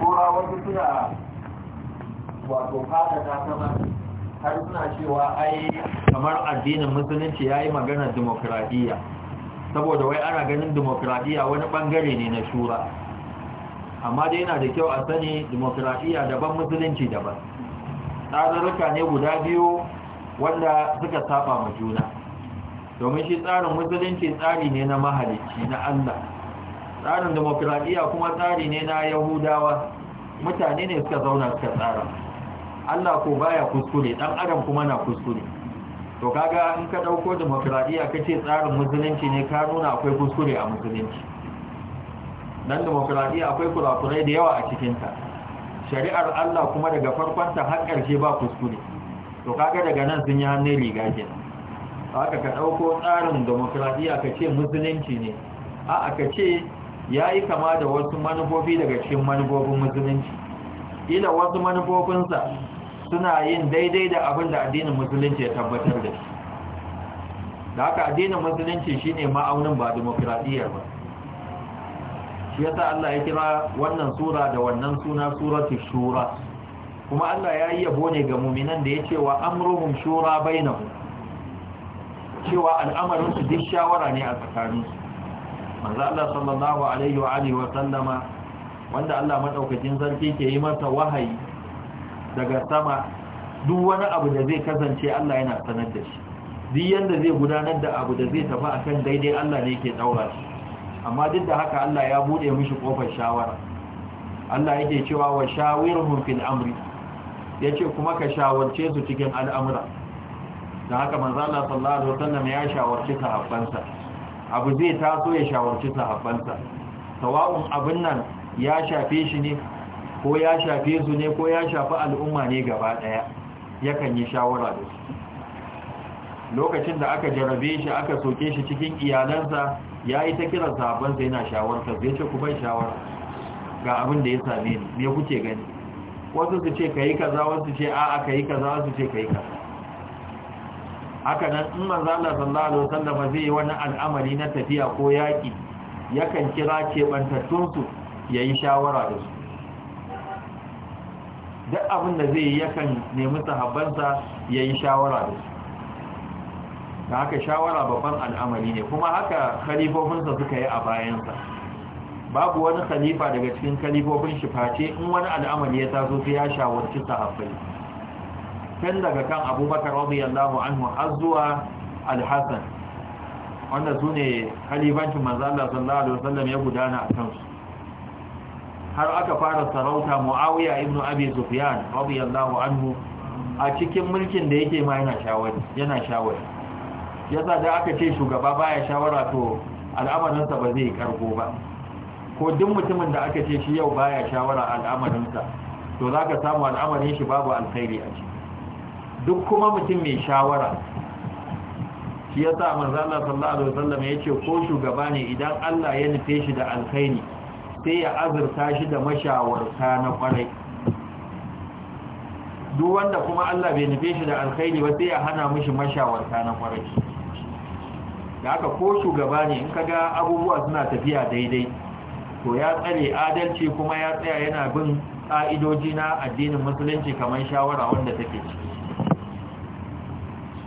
tura wasu suna wato ta sama har suna cewa ai kamar addinin musulunci ya yi maganar demokradiyya saboda wai ana ganin demokradiyya wani bangare ne na shura amma dai yana da kyau a sani demokradiyya daban musulunci daban tsararruka ne guda biyu wanda suka saba ma juna domin shi tsarin musulunci tsari ne na mahalicci na allah tsarin demokradiyya kuma tsari ne na yahudawa mutane ne suka zauna suka tsara Allah ko baya kuskure dan adam kuma na kuskure to kaga in ka dauko demokradiyya kace tsarin musulunci ne ka nuna akwai kuskure a musulunci dan demokradiyya akwai kurakurai da yawa a cikinta. shari'ar Allah kuma daga farkon ta har karshe ba kuskure to kaga daga nan sun yi hannun riga kenan haka ka dauko tsarin demokradiyya ce musulunci ne A'a ka ce ya yi kama da wasu manufofi daga cikin manufofin musulunci ila wasu manufofinsa suna yin daidai da abin da addinin musulunci ya tabbatar da shi da haka addinin musulunci shine ma'aunin ba demokradiyyar ba shi yasa Allah ya kira wannan sura da wannan suna suratu shura kuma Allah ya yi yabo ne ga muminan da ya ce wa amruhum shura bainahu cewa al'amarin su duk shawara ne a tsakaninsu manzo Allah sallallahu alaihi wa alihi wa sallama wanda Allah madaukakin sarki ke yi masa wahayi daga sama duk wani abu da zai kasance Allah yana sanar da shi duk yanda zai gudanar da abu da zai tafi akan daidai Allah ne ke daura shi amma duk da haka Allah ya bude mishi kofar shawara Allah yake cewa wa shawirhum fil amri yace kuma ka shawarce su cikin al'amura da haka manzo Allah sallallahu alaihi wasallam ya shawarci sahabbansa abu zai taso ya shawarci sahabbansa tawa'un abin nan ya shafe shi ne ko ya shafe su ne ko ya shafi al'umma ne gaba daya yakan yi shawara da su lokacin da aka jarabe shi aka soke shi cikin iyalansa ya yi ta kiran sahabbansa yana shawarta zai ce ku bai shawara ga abin da ya same ni me kuke gani wasu su ce ka kaza wasu ce a'a ka yi kaza wasu ce ka kaza haka nan in manzo Allah sallallahu alaihi wasallam zai yi wani al'amari na tafiya ko yaki yakan kira kebantattun su yayi shawara da su duk abin da zai yi yakan nemi sahabbansa yayi shawara da su da haka shawara babban al'amari ne kuma haka khalifofinsa suka yi a bayansa babu wani khalifa daga cikin khalifofin shi face in wani al'amari ya taso sai ya shawarci sahabbai tun daga kan abubakar radiyallahu anhu har zuwa hassan wanda su ne kalibancin manzala sallallahu alaihi wasallam ya gudana a kansu har aka fara sarauta muawiya ibn abi sufyan radiyallahu anhu a cikin mulkin da yake ma yana shawari yana shawari yasa da aka ce shugaba baya shawara to al'amarinsa ba zai karko ba ko duk mutumin da aka ce shi yau baya shawara al'amarinsa to zaka samu al'amarin shi babu alkhairi a ciki duk kuma mutum mai shawara shi sa manzo Allah sallallahu alaihi wasallam yace ko shugaba ne idan Allah ya nufe shi da alkhairi sai ya azurta shi da mashawarta na kwarai duk wanda kuma Allah bai nufe shi da alkhairi ba sai ya hana mishi mashawarta na kwarai da haka ko shugaba ne in ka ga abubuwa suna tafiya daidai to ya tsare adalci kuma ya tsaya yana bin ƙa'idoji na addinin musulunci kamar shawara wanda take ciki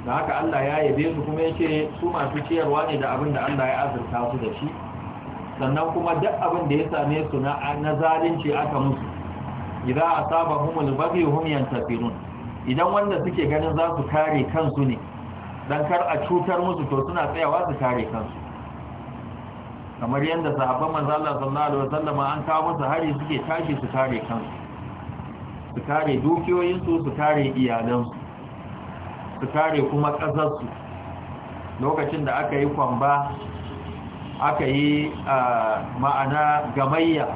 da haka Allah ya yabe su kuma yake su masu ciyarwa ne da abin da Allah ya azurta su da shi sannan kuma duk abin da ya same su na na zalunci aka musu idan asabahumul baghi hum yantafirun idan wanda suke ganin za su kare kansu ne dan kar a cutar musu to suna tsayawa su kare kansu kamar yadda sahabban manzo Allah sallallahu alaihi wasallam an kawo musu hari suke tashi su kare kansu su kare dukiyoyinsu su kare iyalansu su kare kuma ƙasarsu lokacin da aka yi kwamba aka yi a ma'ana gamayya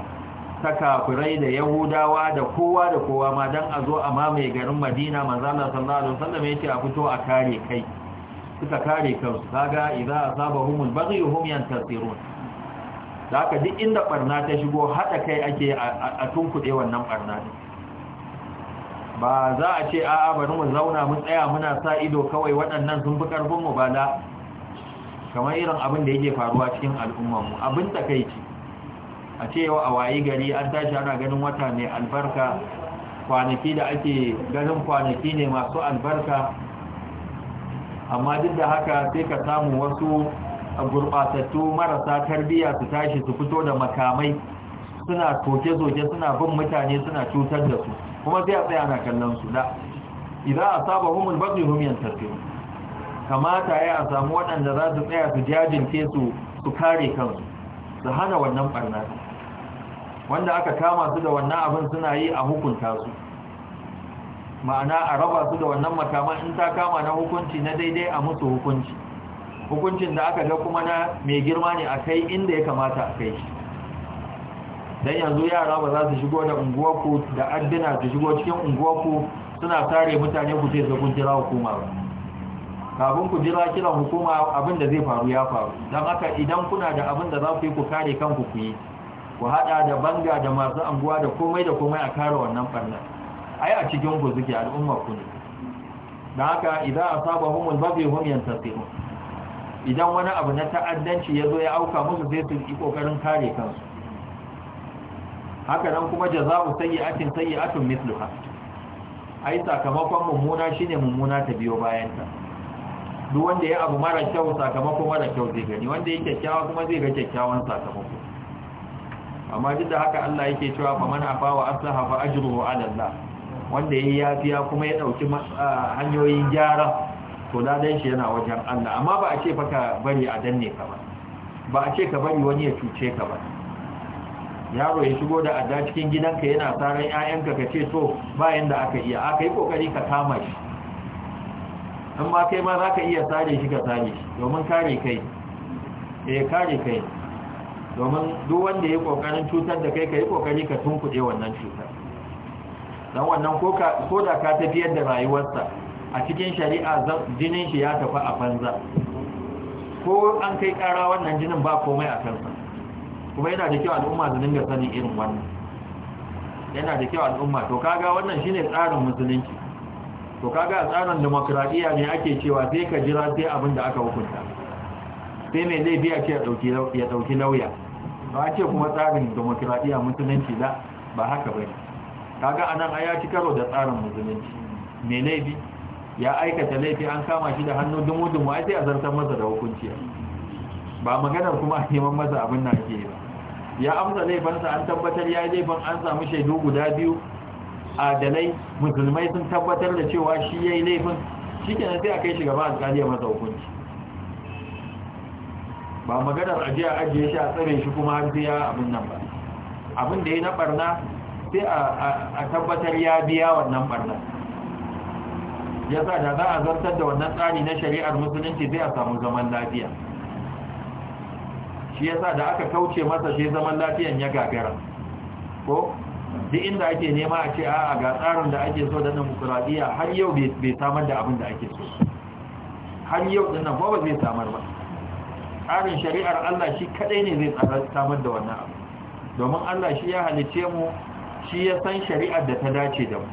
ta kafirai da yahudawa da kowa da kowa ma don a zo a mamaye garin madina manzana sallallahu alaihi wasallam ya ce a fito a kare kai suka kare kansu kaga idza asabahumul baghy hum yantasirun da aka duk inda barna ta shigo hada kai ake a tunkuɗe wannan barna din ba za a ce a'a bari mu zauna mu tsaya muna sa ido kawai waɗannan sun fi ƙarfin mu ba da kamar irin abin da yake faruwa cikin al'umman mu abin takaici a ce yau a wayi gari an tashi ana ganin wata mai albarka kwanaki da ake ganin kwanaki ne masu albarka amma duk da haka sai ka samu wasu gurɓatattu marasa tarbiyya su tashi su fito da makamai suna toke soke suna bin mutane suna cutar da su kuma sai a tsaya ana kallon su da saba asabahum al-baghy hum yantasirun kamata ya a samu waɗanda za su tsaya su ke su su kare kansu su hana wannan ɓarna wanda aka kama su da wannan abin suna yi a hukunta su ma'ana a raba su da wannan makama in ta kama na hukunci na daidai a musu hukunci hukuncin da aka ga kuma na mai girma ne a kai inda ya kamata a kai shi don yanzu yara ba za su shigo da unguwarku da addina su shigo cikin unguwarku suna tare mutane ku sai kun jira hukuma ba kafin ku jira kiran hukuma abin da zai faru ya faru don haka idan kuna da abin da za ku yi ku kare kanku ku yi ku haɗa da banga da masu anguwa da komai da komai a kare wannan ɓarnar ai a cikin ku suke al'umma ku ne don haka idan a saba humul bafi hum yantasirun idan wani abu na ta'addanci ya zo ya auka musu zai su yi ƙoƙarin kare kansu haka nan kuma jaza'u sayyi'atin sayyi'atun mithluha ai sakamakon mummuna shine mummuna ta biyo bayan ta duk wanda ya abu mara kyau sakamako mara kyau zai gani wanda ya kyakkyawa kuma zai ga kyakkyawan sakamako amma duk da haka Allah yake cewa fa man afa wa aslaha fa ajruhu ala Allah wanda yayi yafiya kuma ya dauki hanyoyin gyara to da dai shi yana wajen Allah amma ba a ce fa ka bari a danne ka ba ba a ce ka bari wani ya cuce ka ba yaro ya shigo da adda cikin gidanka yana tsaron 'ya'yanka ka ce so bayan da aka iya aka yi kokari ka kama shi in ma kai ma za ka iya tsare shi ka tsare shi domin kare kai eh kare kai domin duk wanda ya kokarin cutar da kai ka yi kokari ka tunkuɗe wannan cutar don wannan ko da ka tafiyar da rayuwarsa a cikin shari'a jinin shi ya tafi a banza ko an kai ƙara wannan jinin ba komai a kansa kuma yana da kyau al'umma su dinga sanin irin wannan yana da kyau al'umma to kaga wannan shine tsarin musulunci to kaga tsarin demokradiya ne ake cewa sai ka jira sai abin da aka hukunta sai mai laifi a ce ya dauki lauya ba ce kuma tsarin demokradiya musulunci da ba haka bane kaga anan aya ci karo da tsarin musulunci mai laifi ya aikata laifi an kama shi da hannu dumu-dumu a sai a zartar masa da hukunci ba maganar kuma a neman masa abin na ke yi ba ya amsa laifansa an tabbatar ya yi laifin an samu shaidu guda biyu adalai musulmai sun tabbatar da cewa shi ya yi laifin shi nan sai a kai shi gaba alkali masa hukunci ba maganar ajiya ajiye shi a tsare shi kuma har ya abin nan ba abin da ya na barna sai a tabbatar ya biya wannan barna ya sa da za a zartar da wannan tsari na shari'ar musulunci sai a samu zaman lafiya shi yasa da aka kauce masa shi zaman lafiyan ya gagara ko duk inda ake nema a ce a ga tsarin da ake so da demokuraɗiyya har yau bai samar da abin da ake so har yau din nan ba zai samar ba tsarin shari'ar Allah shi kadai ne zai samar da wannan abu domin Allah shi ya halice mu shi ya san shari'ar da ta dace da mu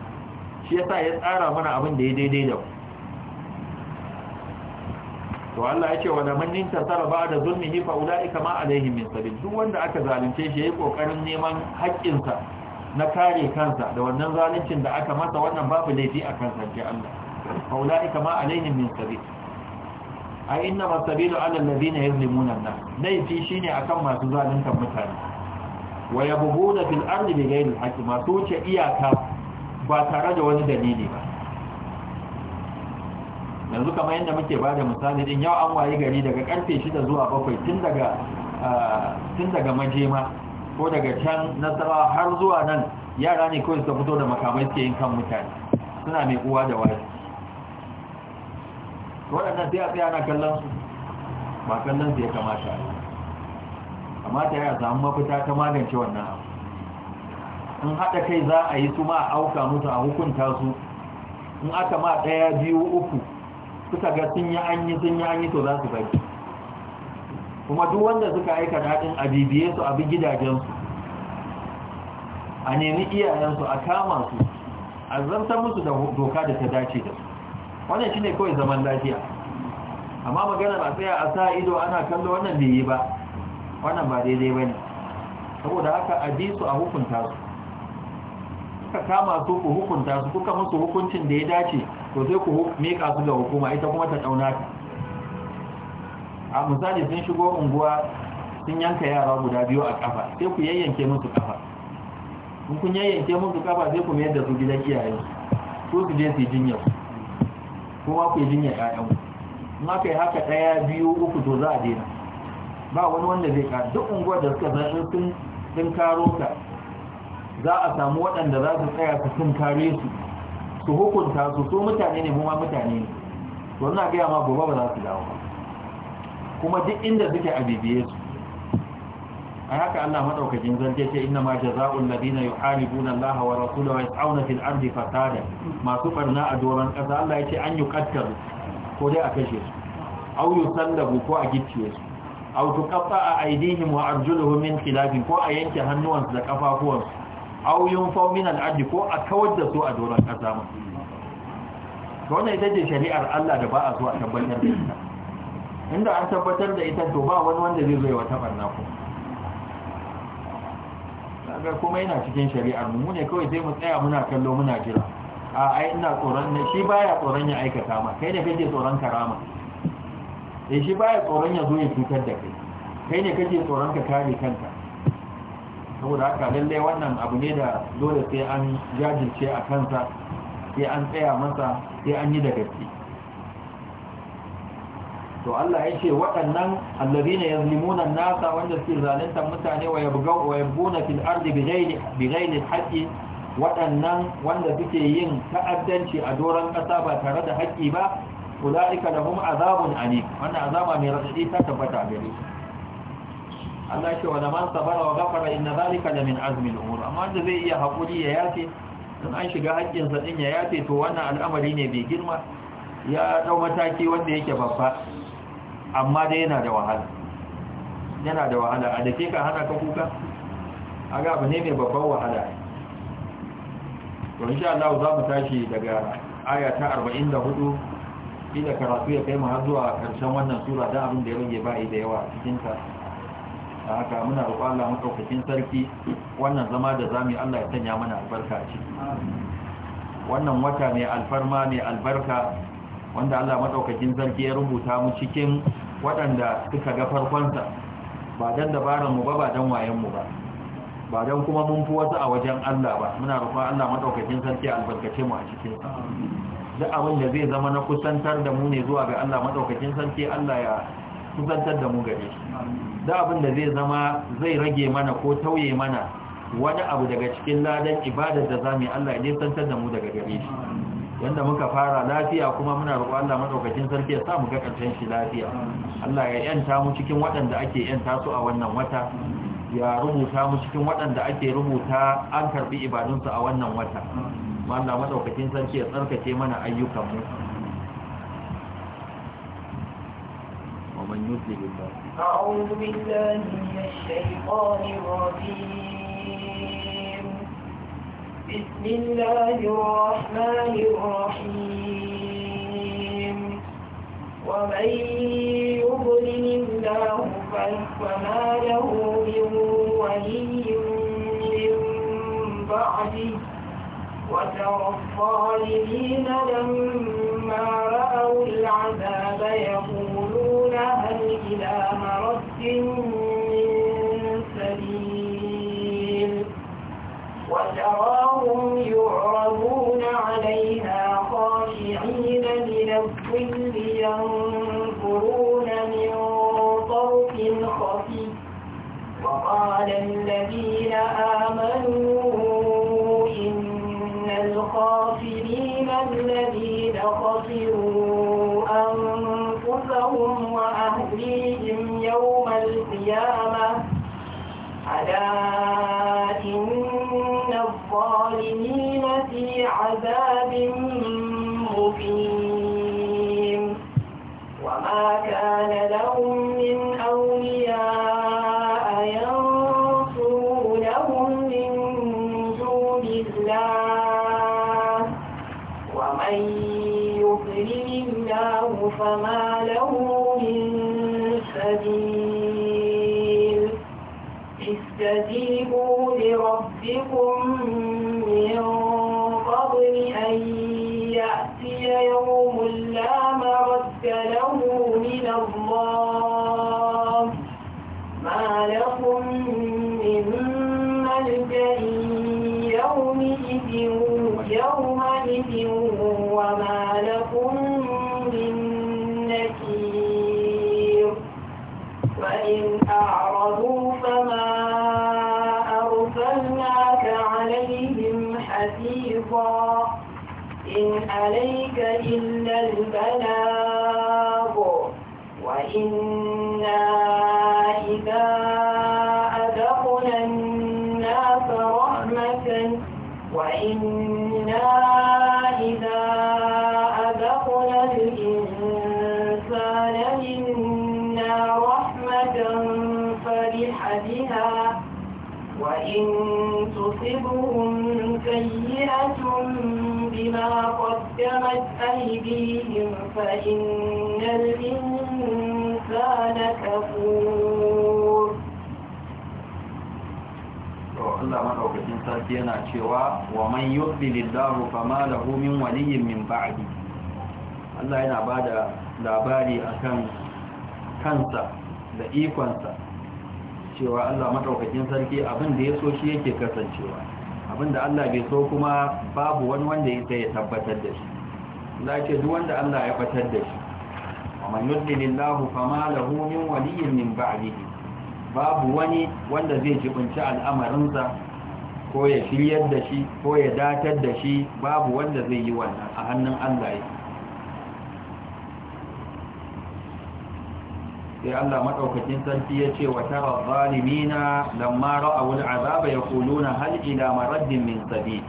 shi yasa ya tsara mana abin da ya daidai da mu to Allah ya ce wa da man yantasara ba da zulmihi fa ulaika alaihim min sabil duk wanda aka zalunce shi yayi kokarin neman haƙƙinsa na kare kansa da wannan zaluncin da aka masa wannan babu laifi a kansa ce Allah fa ulaika ma alaihim min sabil ai inna masabilu ala alladhina yuzlimuna nas laifi shine akan masu zaluntar mutane wa yabghuna fil ardi bighayri al-haqqi ma tuce iyaka ba tare da wani dalili ba yanzu kamar yadda muke ba da misali din yau an wayi gari daga karfe 6 zuwa 7 tun daga ah, tun daga majema ko daga can nasara har zuwa nan yara ne kawai suka fito da makamai suke yin kan mutane suna mai uwa da wani waɗannan sai a tsaye ana kallon su ba kallon su ya kamata a kamata ya samu mafita ta magance wannan abu in haɗa kai za a yi su ma a auka mutu a hukunta su in aka ma ɗaya biyu uku suka ga sun yi an yi sun yi an yi to za su bari kuma duk wanda suka aika daɗin a bibiye su a bi gidajensu a nemi iyayensu a kama su a zartar musu da doka da ta dace da su wannan shi ne kawai zaman lafiya amma maganar a tsaya a sa ido ana kallo wannan bai yi ba wannan ba daidai ba ne saboda haka a bi su a hukunta su kuka kama su ku hukunta su kuka musu hukuncin da ya dace to sai ku mika su ga hukuma ita kuma ta dauna ta a misali sun shigo unguwa sun yanka yara guda biyu a kafa sai ku yayyanke musu kafa in kun yayyanke musu kafa sai ku mayar da su gidan iyayen su su je su yi jinyar kuma ku yi jinyar ƴaƴan ku in aka yi haka ɗaya biyu uku to za a daina ba wani wanda zai ka duk unguwar da suka san sun sun karo ka za a samu waɗanda za su tsaya su sun kare su su hukunta su so mutane ne kuma mutane ne to na gaya ma gobe ba za su dawo kuma duk inda suke a bibiye su a haka Allah madaukakin zarge ce inna ma jazaa'ul ladina yuharibuna Allah wa rasulahu wa yas'auna fil ardi fasada masu barna a doran kasa Allah yace an yuqattalu ko dai a kashe su aw yusallabu ko a gicciye su aw tuqatta'a aydihim wa arjuluhum min khilafin ko a yanke hannuwansu da kafafuwansu auyun faumin aji ko a kawar da su a doron ƙasa mu wannan ita ce shari'ar Allah da ba a zuwa tabbatar da ita inda an tabbatar da ita to ba wani wanda zai zo ya wata barna ku daga kuma yana cikin shari'ar mu ne kawai sai mu tsaya muna kallo muna jira a ai ina tsoron ne shi baya tsoron ya aikata ma kai ne kake tsoron karama eh shi baya tsoron ya zo ya cutar da kai kai ne kake tsoron ka kare kanka saboda haka lallai wannan abu ne da dole sai an jajirce a kansa sai an tsaya masa sai an yi da gaske to Allah ya ce waɗannan allazina yazlimuna nasa wanda suke zalunta mutane wa yabgaw wa yabuna fil ardi bighayri bighayri haqqi waɗannan wanda suke yin ta'addanci a doron ƙasa ba tare da haƙƙi ba ulaika lahum azabun alim wannan azaba mai radadi ta tabbata gare su Allah ce wa zaman sabara wa gafara inna zalika la min azmi al-umur amma da zai iya hakuri ya yafe dan an shiga hakkin sa din ya yafe to wannan al'amari ne bai girma ya dau mataki wanda yake babba amma dai yana da wahala yana da wahala a dake ka hana ka kuka aga abu ne mai babban wahala to insha Allah za mu tashi daga aya ta 44 ila karatu ya kai mu har zuwa karshen wannan sura dan abin da ya rage bai da yawa cikin ta da haka muna roƙon Allah maɗaukakin sarki wannan zama da yi Allah ya sanya mana albarka ce. wannan wata mai alfarma mai albarka wanda Allah maɗaukakin sarki ya rubuta mu cikin waɗanda suka ga farkonsa ba dan dabaran mu ba ba dan wayen mu ba ba dan kuma mun fi wasu a wajen Allah ba muna roƙon Allah maɗaukakin sarki albarkace mu a cikin sa duk abin da zai zama na kusantar da mu ne zuwa ga Allah maɗaukakin sarki Allah ya kusantar da mu gare shi da abin da zai zama zai rage mana ko tauye mana wani abu daga cikin ladan ibadar da zamu yi Allah ne santar da mu daga gare shi yanda muka fara lafiya kuma muna roƙon Allah madaukakin sarki ya sa mu ga karshen shi lafiya Allah ya yanta mu cikin waɗanda ake yanta su a wannan wata ya rubuta mu cikin waɗanda ake rubuta an karbi ibadunsu a wannan wata Allah madaukakin sarki ya tsarkake mana ayyukan mu ومن يضلل الله أعوذ بالله من الشيطان الرجيم بسم الله الرحمن الرحيم ومن يضلل الله فما له من ولي من بعده وترى الظالمين لما رأوا العذاب يقول هل إلى مرد من سبيل وتراهم يعرضون عليها خاشعين من الظل ينظرون من طرف خفي وقال الذين آمنوا القيامة على إن الظالمين في عذاب مقيم وما كان لهم خلقنا الإنسان منا رحمة فرح بها وإن تصبهم سيئة بما قدمت أيديهم فإن الإنسان كفور Allah madaukakin sarki yana cewa wa man yudlilillahu fama lahu min waliyyin min ba'di Allah yana ba da labari a kan kansa da ikonsa cewa Allah matsaukakin sarki abin da ya so shi yake kasancewa abin da Allah bai so kuma babu wani wanda ya ya tabbatar da shi Allah ce duk wanda Allah ya batar da shi wa man lillahu fama lahu min waliyyin min ba'dihi babu wani wanda zai jibinci al'amarinsa ko ya shiryar da shi ko ya datar da shi babu wanda zai yi wannan a hannun Allah yake sai Allah madaukakin sarki yace wa tara zalimina lamma ra'aw al'azaba yaquluna hal ila maraddin min sabil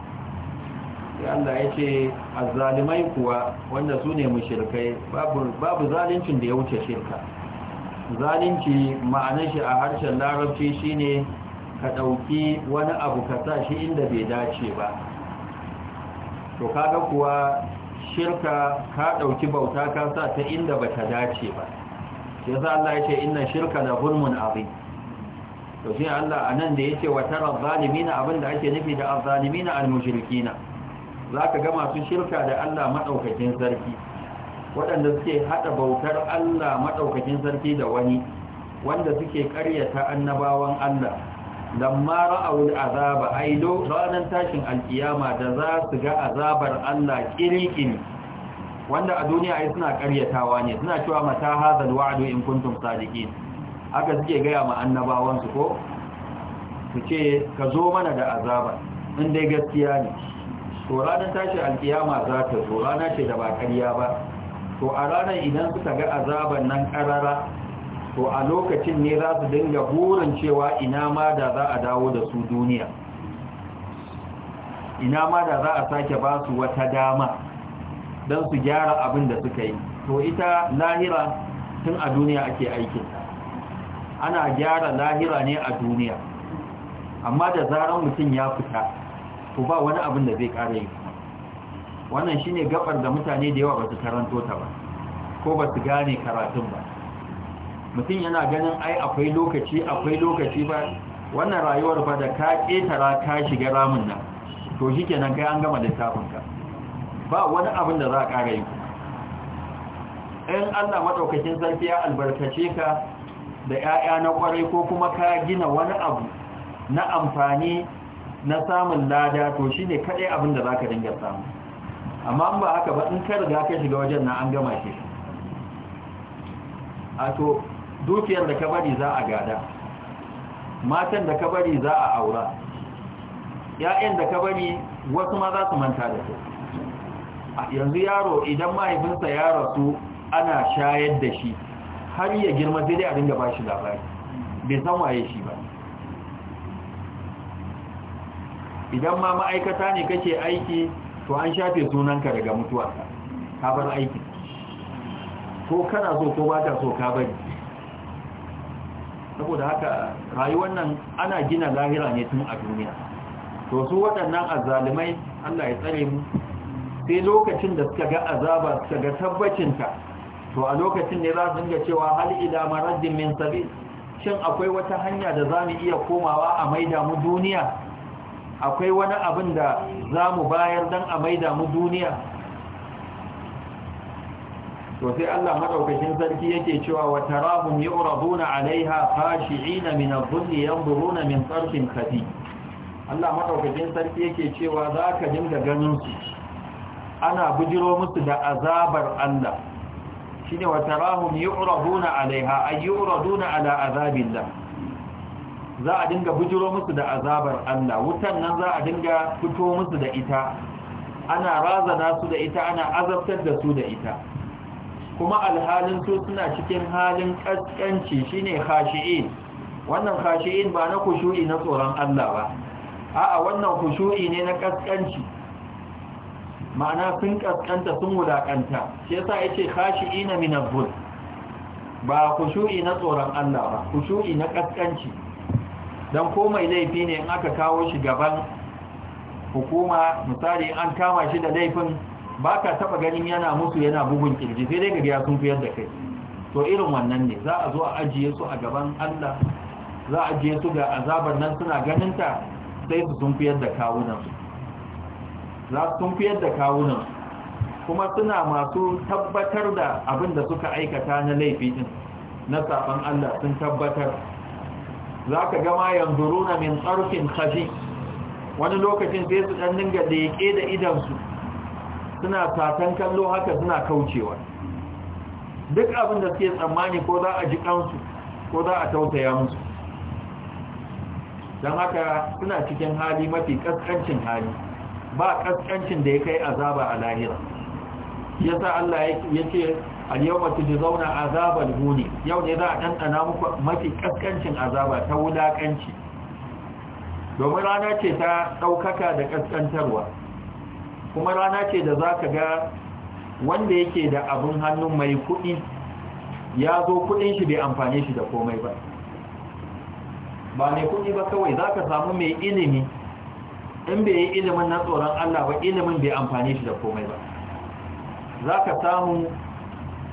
sai Allah yace azzalimai kuwa wanda su ne mushrikai babu babu zalincin da ya wuce shirka zalunci ma'anar shi a harshen larabci shine ka ɗauki wani abu ka sa shi inda bai dace ba to kaga kuwa shirka ka ɗauki bauta ka sa ta inda bata dace ba yasa Allah ya ce inna shirka da zulmun azim to shi Allah anan da yake wa tara zalimina abinda ake nufi da na. Za zaka ga masu shirka da Allah maɗaukacin sarki waɗanda suke haɗa bautar Allah maɗaukacin sarki da wani wanda suke ƙaryata annabawan Allah lamma ra'aw azaba aido ranar tashin alkiyama da za su ga azabar Allah ƙiriƙiri wanda a duniya ai suna karyatawa ne suna cewa mata hazal wa'du in kuntum sadiqin haka suke gaya ma annabawan su ko su ce ka zo mana da azaba in dai gaskiya ne to ranar tashi alkiyama za ta zo rana ce da ba karya ba to a ranar idan suka ga azaban nan karara to a lokacin ne za su dinga burin cewa ina ma da za a dawo da su duniya ina ma da za a sake ba su wata dama don su gyara abin da suka yi to ita lahira tun a duniya ake aikin? ana gyara lahira ne a duniya amma da zaran mutum ya fita ko ba wani abin da zai kare yi wannan shine gabar da mutane da yawa ba su karanto ta ba ko ba su gane karatun ba mutum yana ganin ai akwai lokaci akwai lokaci ba wannan rayuwar ba da ka ƙetara ka shiga ramin nan to shi kenan kai an gama littafinka ba wani abin da za a ƙara yi in allah maɗaukakin sarki ya albarkace ka da 'ya'ya na ƙwarai ko kuma ka gina wani abu na amfani na samun lada to shi ne kaɗai abin da za ka dinga samu amma ba haka ba in ka riga ka shiga wajen na an gama shi a to dukiyar da ka bari za a gada matan da ka bari za a aura 'ya'yan da ka bari wasu ma za su manta da su yanzu yaro idan mahaifinsa ya rasu ana shayar da shi har ya girma sai dai a dinga ba shi labari bai san waye shi ba idan ma ma'aikata ne kake aiki to an shafe sunanka daga mutuwa ka bar aiki ko kana so ko ba ka so ka bari saboda haka rayuwar nan ana gina lahira ne tun a duniya to su waɗannan azzalumai Allah ya tsare mu sai lokacin da suka ga azaba suka ga tabbacinta to a lokacin ne za su dinga cewa hal ila maraddin min sabil shin akwai wata hanya da zamu iya komawa a maida mu duniya akwai wani abin da zamu bayar dan a maida mu duniya to sai Allah madaukakin sarki yake cewa wa tarahum yuraduna alaiha khashi'ina min adh-dhulli yanzuruna min tarfin khafi Allah madaukakin sarki yake cewa zaka dinga ganin ana bujiro musu da azabar Allah shine wa tarahum yu'raduna 'alayha ay yu'raduna ala azabillah za a dinga bujiro musu da azabar Allah wutan nan za a dinga fito musu da ita ana razana su da ita ana azabtar da su da ita kuma alhalin su suna cikin halin kaskanci shine khashi'in wannan khashi'in ba na kushu'i na tsoron Allah ba a'a wannan kushu'i ne na kaskanci ma'ana sun kaskanta sun wulakanta shi yasa yace kashi min az-zulm ba khushu'i na tsoron Allah ba khushu'i na kaskanci dan mai laifi ne in aka kawo shi gaban hukuma misali an kama shi da laifin baka taba ganin yana musu yana bugun kirji sai dai kaga ya sun fiyar da kai to irin wannan ne za a zo a ajiye su a gaban Allah za a ajiye su ga azabar nan suna ganin ta sai su sun fiyar da kawunan su za su fiyar da kawunan kuma suna masu tabbatar da abin da suka aikata na laifin na safan Allah sun tabbatar za ka gama runa min tsarfin kashi? wani lokacin sai su ɗan ninga da yake da idansu suna satan kallo haka suna kaucewa duk abin da suke tsammani ko za a ji kansu ko za a tautaya musu don haka suna cikin hali mafi ƙasƙancin hali ba kaskancin da ya kai azaba a lahira yasa Allah yake al-yawma zauna azabal huni yau ne za a dandana muku mafi kaskancin azaba ta wulakanci domin rana ce ta ɗaukaka da kaskantarwa kuma rana ce da za ka ga wanda yake da abin hannu mai kuɗi ya zo kuɗin shi bai amfane shi da komai ba ba mai kuɗi ba kawai za ka samu mai ilimi in bai yi ilimin na tsoron Allah ba ilimin bai amfani shi da komai ba za ka samu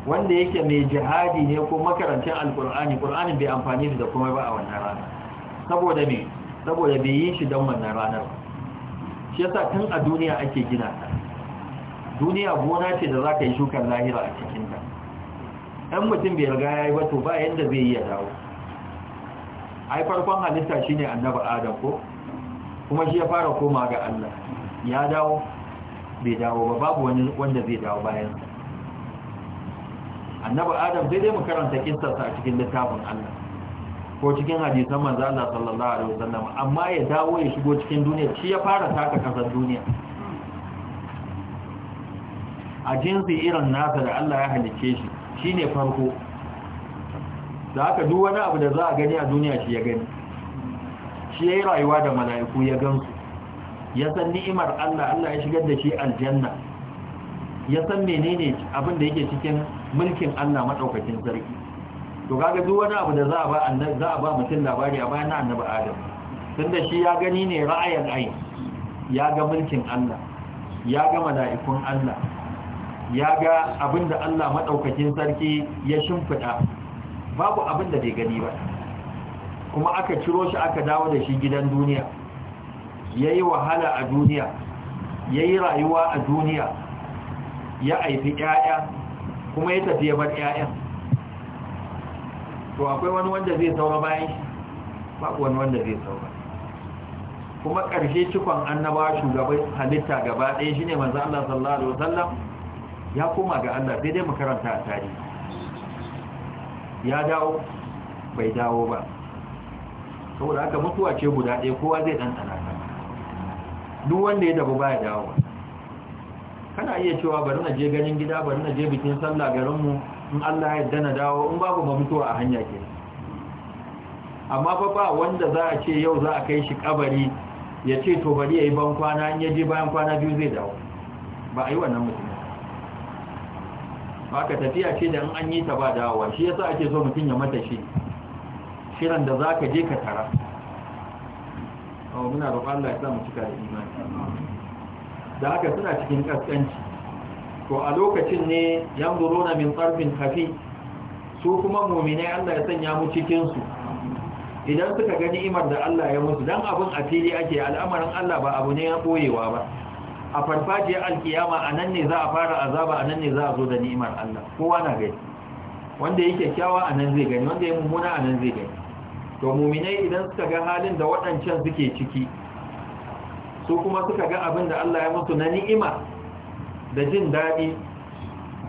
wanda yake mai jihadi ne ko makarancin alkur'ani ƙur'anin bai amfani shi da komai ba a wannan ranar? saboda me saboda bai yi shi don wannan ranar shi yasa tun a duniya ake gina ta duniya gona ce da za ka yi shukar lahira a cikinta ɗan mutum bai riga ya yi ba to ba yadda zai yi ya dawo ai farkon halitta shine annabi adam ko kuma shi ya fara koma ga Allah ya dawo bai dawo ba babu wani wanda zai dawo bayan annabi adam zai dai mu karanta a cikin littafin Allah ko cikin hadisan manzo Allah sallallahu alaihi wasallam amma ya dawo ya shigo cikin duniya shi ya fara taka kasar duniya a jinsi irin nasa da Allah ya halicce shi shine farko da aka duk wani abu da za a gani a duniya shi ya gani shi ya yi rayuwa da mala'iku ya gansu ya san ni'imar Allah Allah ya shigar da shi aljanna ya san menene abin da yake cikin mulkin Allah madaukakin sarki to kaga duk wani abu da za a ba annabi za a ba mutum labari a bayan annabi Adam tunda shi ya gani ne ra'ayin ai ya ga mulkin Allah ya ga mala'ikun Allah ya ga abin da Allah madaukakin sarki ya shimfiɗa babu abin da bai gani ba kuma aka ciro shi aka dawo da shi gidan duniya ya yi wahala a duniya ya yi rayuwa a duniya ya aifi 'ya'ya kuma ya tafi ya bar 'ya'ya to akwai wani wanda zai saura bayan shi babu wani wanda zai saura kuma ƙarshe cikon annaba, shugaban halitta gaba ɗaya shine manzo Allah sallallahu alaihi wasallam ya koma ga Allah sai dai mu karanta a tarihi ya dawo bai dawo ba saboda haka mutuwa ce guda ɗaya kowa zai ɗan tsanata duk wanda ya dabu baya dawo kana iya cewa bari na je ganin gida bari na je bikin sallah garinmu in Allah ya yarda na dawo in babu ba mutuwa a hanya ke amma fa ba wanda za a ce yau za a kai shi kabari ya ce to bari ya yi ban kwana in ya je bayan kwana biyu zai dawo ba a yi wannan mutum ba ka tafiya ce da in an yi ta ba dawowa shi yasa ake so mutum ya mata shi kiran da za ka je ka tara muna da Allah ya sa mu cika da iman da haka suna cikin ƙasƙanci to a lokacin ne yan buruna min tsarfin kafi su kuma muminai Allah ya sanya mu cikinsu idan suka ga ni'imar da Allah ya musu don abin a fili ake al'amarin Allah ba abu ne ya boyewa ba a farfajiyar alkiyama a nan ne za a fara azaba a nan ne za a zo da ni'imar Allah kowa na gani wanda yake kyawa a nan zai gani wanda ya mummuna a nan zai gani to muminai idan suka ga halin da waɗancan suke ciki su kuma suka ga abin da Allah ya musu na ni'ima da jin daɗi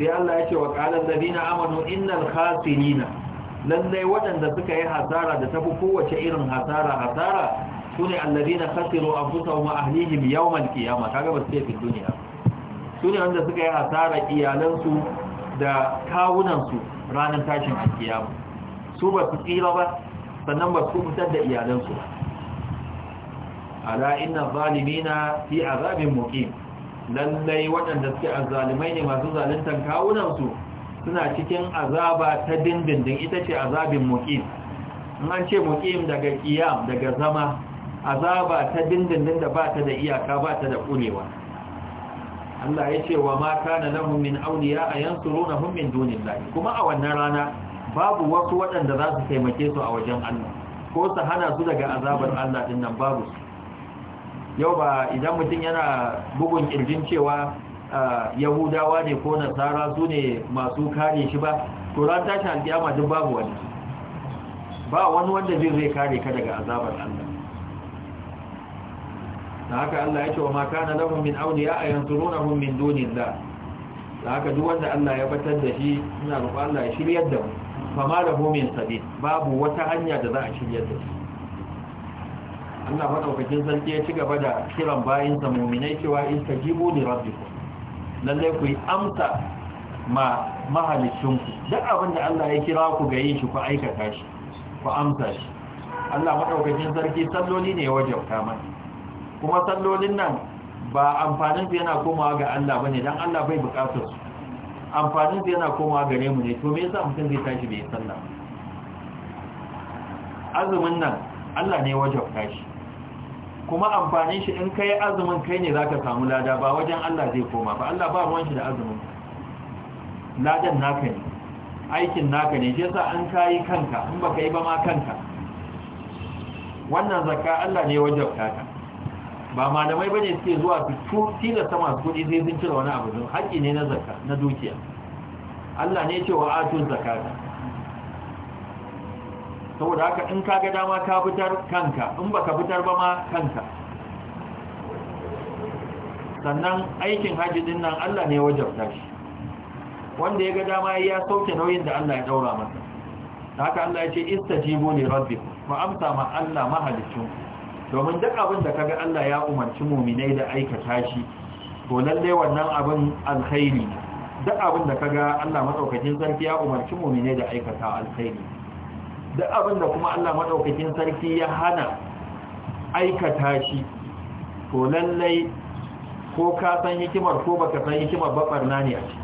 sai Allah ya ce wa ƙalar zabina amanu innal khasirina lallai waɗanda suka yi hasara da tafi kowace irin hasara hasara su ne allazina khasiru anfusahum wa ahlihim yawm Kiyama, kaga ba su ce fi duniya su ne wanda suka yi hasara iyalansu da kawunansu ranar tashin Kiyama. su ba su tsira ba sannan ba su fitar da iyalansu ba ala inna zalimina fi azabin muqim lallai waɗanda suke azalimai ne masu zaluntan kawunansu suna cikin azaba ta dindindin ita ce azabin muqim in an ce muqim daga qiyam daga zama azaba ta dindindin da ba ta da iyaka ba ta da kurewa Allah ya ce wa ma kana lahum min yansu yansurunahum min dunillahi kuma a wannan rana babu wasu waɗanda za su taimake su a wajen Allah ko su hana su daga azabar Allah din nan babu yau ba idan mutum yana bugun kirjin cewa yahudawa ne ko nasara su ne masu kare shi ba to ran tashi alkiyama duk babu wani ba wani wanda zai zai kare ka daga azabar Allah Na haka Allah ya ce wa maka na lahum min nuna yansurunahum min dunillah da haka duk wanda Allah ya batar da shi suna rufa Allah ya shirya da mu fama da homin sabi babu wata hanya da za a shirya da su Allah madaukakin sarki ya ci gaba da kiran bayin sa mu'minai cewa in jibo li rabbiku lalle ku yi amsa ma mahalicin ku duk abin da Allah ya kira ku ga yin shi ku aikata shi ku amsa shi Allah madaukakin sarki salloli ne ya wajabta kuma sallolin nan ba amfanin yana komawa ga Allah ba ne dan Allah bai bukatarsu amfanin da yana komawa gare mu ne to me yasa mutum zai tashi bai sallah azumin nan Allah ne wajen shi kuma amfanin shi in kai azumin kai ne zaka samu lada ba wajen Allah zai koma ba Allah ba ruwan shi da azumin ladan naka ne aikin naka ne shi yasa an kai kanka in baka yi ba ma kanka wannan zakka Allah ne wajen ta ba malamai bane suke zuwa su tilasta masu kuɗi sai sun cire wani abu don haƙƙi ne na na dukiya Allah ne cewa atu zakata saboda haka in ka ga dama ka fitar kanka in baka fitar ba ma kanka sannan aikin haji din nan Allah ne wajabta shi wanda ya ga dama ya sauke nauyin da Allah ya daura masa haka Allah ya ce istajibu li rabbikum fa amsa ma Allah mahalicinku domin duk abin da kaga Allah ya umarci muminai da aikata shi to lalle wannan abin alkhairi duk abin da kaga Allah madaukakin sarki ya umarci muminai da aikata alkhairi duk abin da kuma Allah madaukakin sarki ya hana aikata shi to lalle ko ka san hikimar ko baka san hikimar babbar barna ne a ciki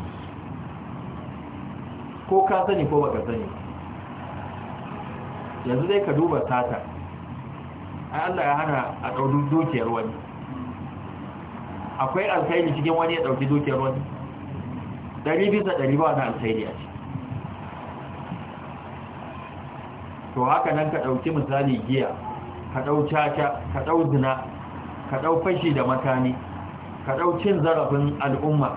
ko ka sani ko baka sani yanzu dai ka duba sata Allah ya hana a ɗauki dukiyar wani akwai alkhairi cikin wani ya ɗauki dukiyar wani ɗari bisa ɗari ba na alkhairi a ciki to haka nan ka ɗauki misali giya ka ɗau caca ka ɗau zina ka ɗau fashi da makani ka ɗau cin zarafin al'umma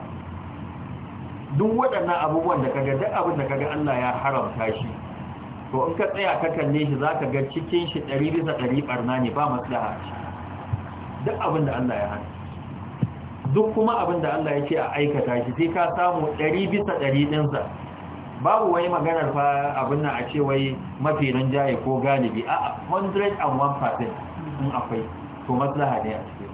duk waɗannan abubuwan da kaga duk abin da ga Allah ya haramta shi to in ka tsaya ka kalle shi za ka ga cikin shi ɗari bisa ɗari ɓarna ne ba maslaha duk abin da Allah ya hana duk kuma abin da Allah ya ce a aikata shi sai ka samu ɗari bisa ɗari ɗinsa babu wani maganar fa abin nan a ce wai mafi rinjaye ko galibi a 101% in akwai to maslaha ne a cikin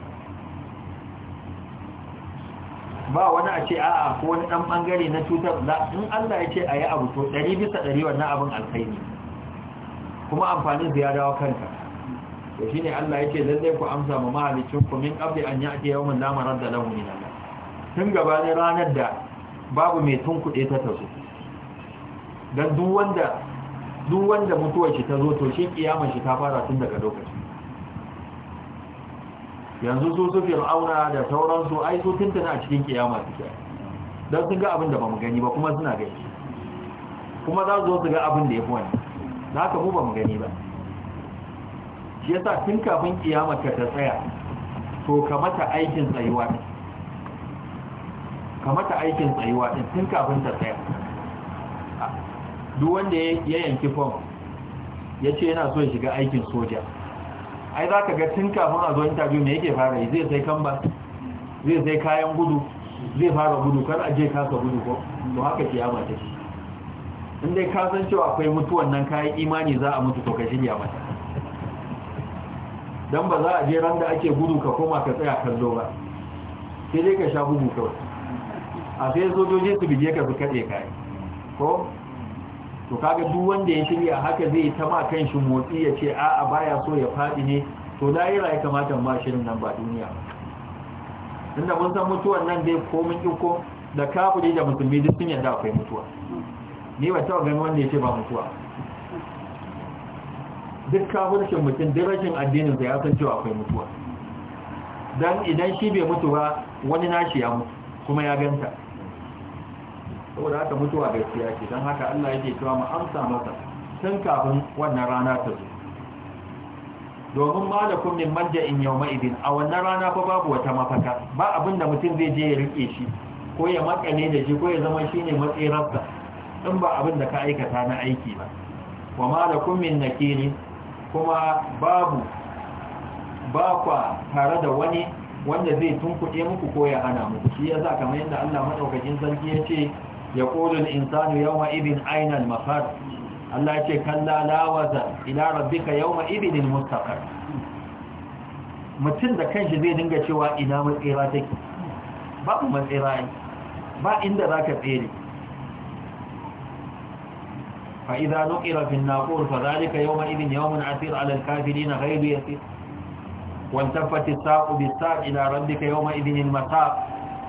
ba wani a ce a'a ko wani dan bangare na cutar da in Allah ya ce ayi abu to 100 bisa 100 wannan abin alkhairi kuma amfanin ya dawo kanka to shine Allah ya ce lalle ku amsa ma mahalicin ku min qabli an ya'ti yawmun la maradda lahu min Allah tun gaba ne ranar da babu mai tunkuɗe ta tazo dan duk wanda duk wanda mutuwar shi ta zo to shi kiyamar shi ta fara tun daga lokaci. yanzu su su fir'auna da sauransu ai su tuntuna a cikin kiyama suke don sun ga abin da ba mu gani ba kuma suna gani kuma za su zo su ga abin da ya fi wani na ka mu ba mu gani ba shi yasa tun kafin kiyama ka ta tsaya to kamata aikin tsayuwa ne kamata aikin tsayuwa din tun kafin ta tsaya duk wanda ya yanki fom ya ce yana so ya shiga aikin soja ai za ka ga tun kafin a zo intabiyu me yake fara yi zai sai kamba zai sai kayan gudu zai fara gudu kar a je kasa gudu ko to haka kiyama take in dai ka san cewa akwai mutuwan nan kayan imani za a mutu to ka shirya mata dan ba za a je ran da ake gudu ka koma ka tsaya kallo ba sai dai ka sha gudu kawai a sai sojoji su bije ka su kaɗe kayi ko to kaga duk wanda ya shirya haka zai ta ma kan shi motsi ya ce a baya so ya faɗi ne to lahira ya kamata ma shirin nan ba duniya tunda mun san mutuwan nan dai ko mun da kafiri da musulmi duk sun yarda akwai mutuwa ni ba ta gani wanda ya ce ba mutuwa duk kafircin mutum duk rashin addinin sa ya san cewa akwai mutuwa dan idan shi bai mutu ba wani nashi ya mutu kuma ya ganta saboda haka mutuwa gaskiya ce don haka Allah yake cewa mu amsa masa tun kafin wannan rana ta zo domin da kun min in yau ma'idin a wannan rana fa babu wata mafaka ba abin da mutum zai je ya rike shi ko ya makale da shi ko ya zama shi shine matsirarsa in ba abin da ka aikata na aiki ba wa kun min nakiri kuma babu ba kwa tare da wani wanda zai tunkuɗe muku ko ya hana muku shi yasa kamar yadda Allah maɗaukakin sarki ya ce يقول الإنسان يومئذ أين المفر الله يقول كلا لا وزن إلى ربك يومئذ المستقر mutum da kanshi zai dinga cewa ina matsira take babu matsira yi ba inda za ka tsere fa idza nuqira fi an-naqur fa dhalika yawma idhin yawon 'asir 'ala al na ghayru ya wa intafati as-saqu ila rabbika yawma idhin al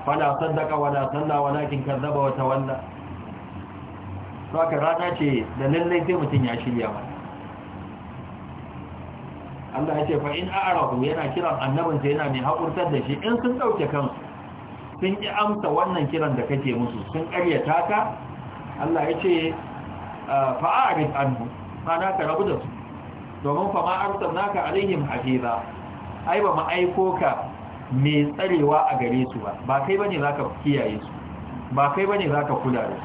fala saddaka wala salla walakin kazzaba wa tawalla saka rana ce da lallai sai mutun ya shirya ba Allah ya ce fa in a'rafu yana kiran annabin annabinsa yana mai hakurtar da shi in sun dauke kansu sun ƙi amsa wannan kiran da kake musu sun karyata ka Allah ya ce fa'arid anhu ana ka rabu da su domin fa ma arsalnaka alaihim hafiza ai ba mu aiko ka mai tsarewa a gare su ba ba kai bane zaka kiyaye su ba kai bane zaka kula da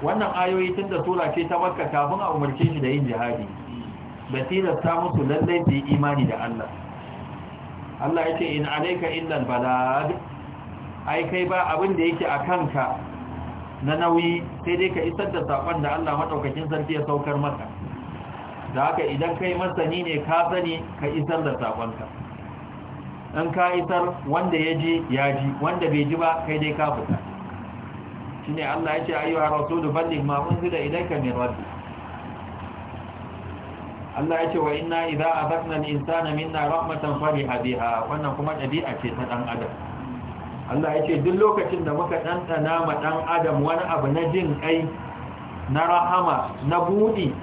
su wannan ayoyi tun da sura ce ta makka kafin a umarce shi da yin jihadi da ta musu lallai da yi imani da Allah Allah ya ce in alayka illal balad ai kai ba abin da yake akan ka na nauyi sai dai ka isar da sakon da Allah madaukakin sarki ya saukar maka da haka idan kai masani ne ka sani ka isar da sakonka in ka wanda ya ji ya ji wanda bai ji ba kai dai ka fita ne Allah ya ce ayyu a rasulu balli ma idan ka min rabbik Allah ya ce wa inna idza azaqna al-insana minna rahmatan fariha biha wannan kuma ɗabi'a ce ta ɗan adam Allah ya ce duk lokacin da muka ɗanɗana ma ɗan adam wani abu na jin kai na rahama na buɗi,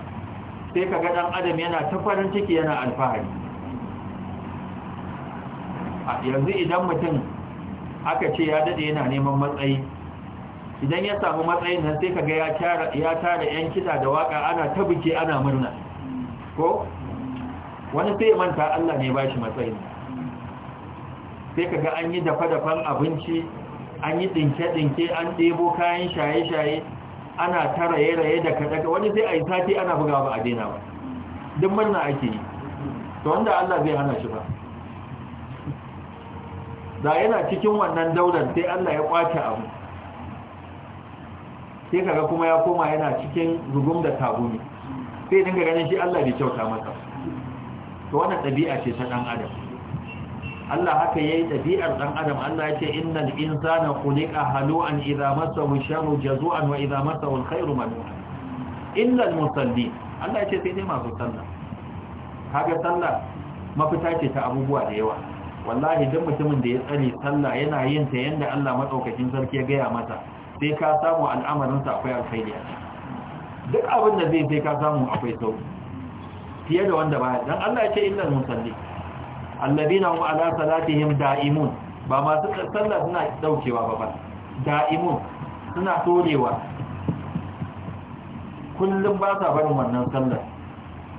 sai ka ga ɗan adam yana ta farin ciki yana alfahari yanzu idan mutum aka ce ya dade yana neman matsayi idan ya samu matsayin nan sai kaga ya tara ya tara yan kida da waka ana tabuke ana murna ko wani sai ya manta Allah ne ya bashi matsayin sai kaga an yi dafa-dafan abinci an yi dinke-dinke an debo kayan shaye-shaye ana ta raye-raye da kada wani sai ai sati ana buga ba a daina ba duk murna ake yi to wanda Allah zai hana shi ba da yana cikin wannan daular sai Allah ya kwace abu sai kaga kuma ya koma yana cikin rugum da tagumi sai dinga ganin shi Allah bai kyauta masa to wannan ɗabi'a ce ta ɗan adam Allah haka yayi ɗabi'ar ɗan adam Allah ya ce innal insana khuliqa halu'an idza massahu sharru jazu'an wa idza massahu alkhairu manu'an illa almusallin Allah ya ce sai dai masu sallah kaga sallah mafita ce ta abubuwa da yawa wallahi duk mutumin da ya tsare sallah yana yin ta yanda Allah madaukakin sarki ya gaya mata, sai ka samu al'amarin sa akwai alkhairi duk abin da zai sai ka samu akwai sau fiye da wanda baya dan Allah ya ce illal musalli alladina hum ala salatihim da'imun ba masu sallah suna daukewa ba ba da'imun suna torewa kullum ba sa barin wannan sallar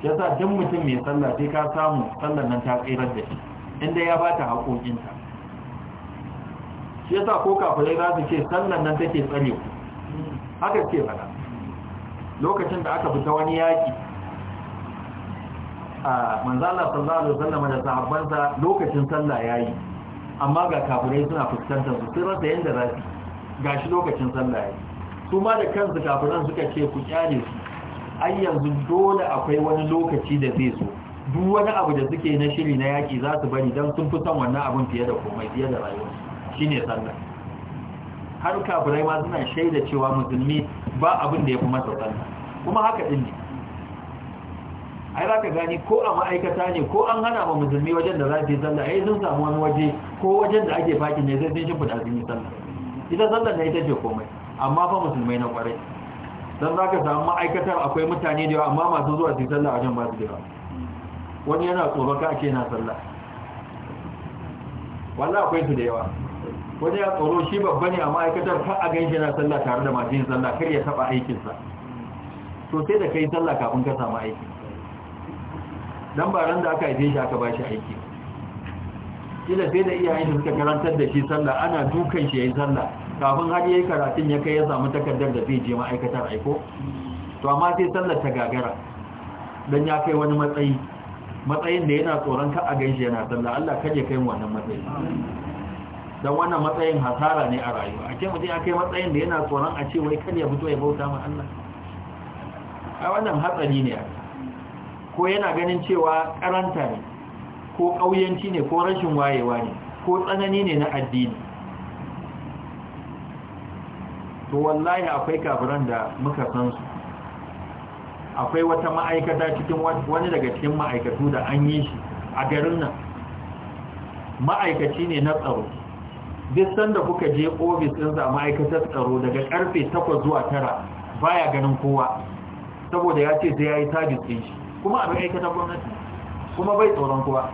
yasa duk mutum mai sallah sai ka samu sallar nan ta tsirar da shi inda ya ba ta haƙoƙinta shi yasa ko kafirai za su ce sannan nan take tsare ku haka ce fada lokacin da aka fita wani yaƙi a manzala sallallahu alaihi da sahabbansa lokacin sallah ya yi amma ga kafirai suna fuskantar su sai rasa yanda za su shi lokacin sallah ya yi su ma da kansu kafiran suka ce ku kyale su ai yanzu dole akwai wani lokaci da zai so. duk wani abu da suke na shiri na yaki za su bari don sun fi son wannan abin fiye da komai fiye da rayuwa ne sallah har kafirai ma suna shaida cewa musulmi ba abin da ya fi masa sallah kuma haka din ne ai za ka gani ko a ma'aikata ne ko an hana ma musulmi wajen da za su yi sallah ai sun samu wani waje ko wajen da ake faki ne sai sun shi fuda sun yi sallah ita sallah ne ita ce komai amma fa musulmai na kwarai don za ka samu ma'aikatar akwai mutane da yawa amma masu zuwa su yi sallah wajen ba su da yawa wani yana tsoron ka ake na sallah Wani akwai su da yawa wani ya tsoro shi babba ne a ma'aikatar ka a ganshi na sallah tare da masu yin sallah kar ya taba aikinsa to sai da kai sallah kafin ka samu aiki dan ba ran da aka haife shi aka bashi aiki kila sai da iyayen shi suka karantar da shi sallah ana dukan shi yayin sallah kafin har yayi karatun ya kai ya samu takardar da zai je ma'aikatar aiko to amma sai sallar ta gagara dan ya kai wani matsayi matsayin da yana tsoron ka a ganshi yana tsalla Allah kaje kai wannan matsayin dan wannan matsayin hasara ne a rayuwa a ce mutum ya kai matsayin da yana tsoron a ce wai kada ya fito ya bauta ma Allah a wannan hatsari ne ko yana ganin cewa karanta ne ko kauyanci ne ko rashin wayewa ne ko tsanani ne na addini to wallahi akwai kafiran da muka san su akwai wata ma'aikata cikin wani daga cikin ma'aikatu da an yi shi a garin nan ma'aikaci ne na tsaro duk sanda kuka je ofis ɗin za ma'aikatar tsaro daga karfe 8 zuwa 9 baya ganin kowa saboda ya ce sai ya yi sabis ɗin shi kuma a ma'aikatar gwamnati kuma bai tsoron kowa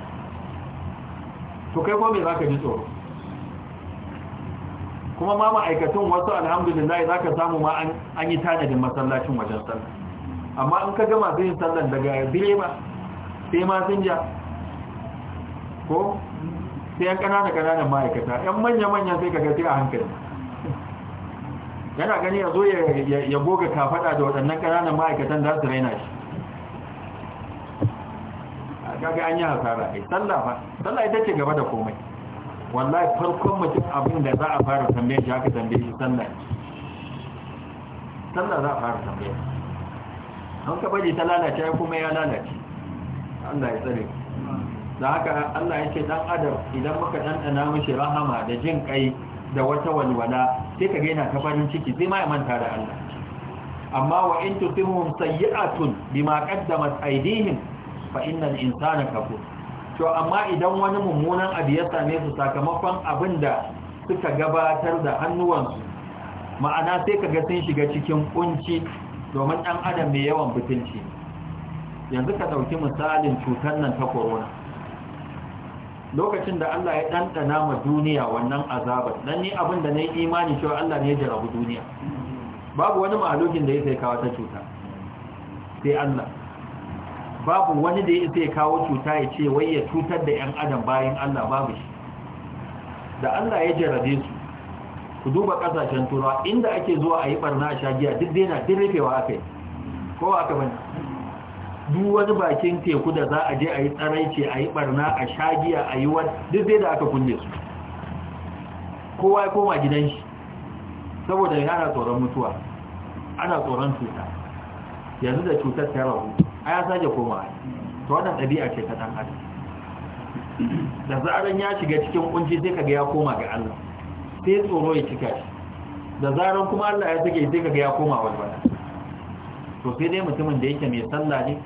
to kai kome za ka ji tsoro kuma ma ma'aikatun wasu alhamdulillah za ka samu ma an yi tanadin masallacin wajen sallah amma in ka gama yin sallan daga direba sai masinja ko sai yan kanana kananan ma'aikata yan manya-manya sai ka sai a hankali yana gani ya zo ya goga kafada da waɗannan kananan ma'aikatan za su raina shi kaga an yi hasara ai sallah fa sallah ita ce gaba da komai wallahi farkon mutum abin da za a fara tambayar shi haka tambayar shi sallah sallah za a fara tambayar. shi an ka bari ta lalace kuma ya lalace Allah ya tsare da haka Allah ya ce dan adam idan muka ɗanɗana mishi rahama da jin kai da wata walwala sai ka gaina ta farin ciki sai ma ya manta da Allah amma wa in tusimuhum sayyi'atun bima qaddamat aydihim fa innal insana kafur to amma idan wani mummunan abu ya same su sakamakon abin da suka gabatar da hannuwansu ma'ana sai ka ga sun shiga cikin kunci domin ɗan adam mai yawan butunci yanzu ka ɗauki misalin cutar nan ta korona. lokacin da Allah ya ɗanɗana ma duniya wannan azabar don ni abin da na yi imani cewa Allah ne ya jarabu duniya babu wani mahalukin da ya sai kawo ta cuta sai Allah babu wani da ya sai kawo cuta ya ce wai ya cutar da 'yan adam bayan Allah babu shi da Allah ya jarabe su ku duba kasashen turawa inda ake zuwa a yi barna a shagiya duk dai na duk rufewa aka yi kowa aka bane duk wani bakin teku da za a je a yi tsaraice a yi barna a shagiya a yi wani duk dai da aka kunne su kowa ya koma gidan shi saboda ana tsoron mutuwa ana tsoron cuta yanzu da cutar ta rahu a ya sake koma ta wannan ɗabi'a ce ta ɗan adam da za'aran ya shiga cikin kunci sai ga ya koma ga Allah sai tsoro ya cika shi da zarar kuma Allah ya take sai kaga ya koma walwala to sai dai mutumin da yake mai sallah ne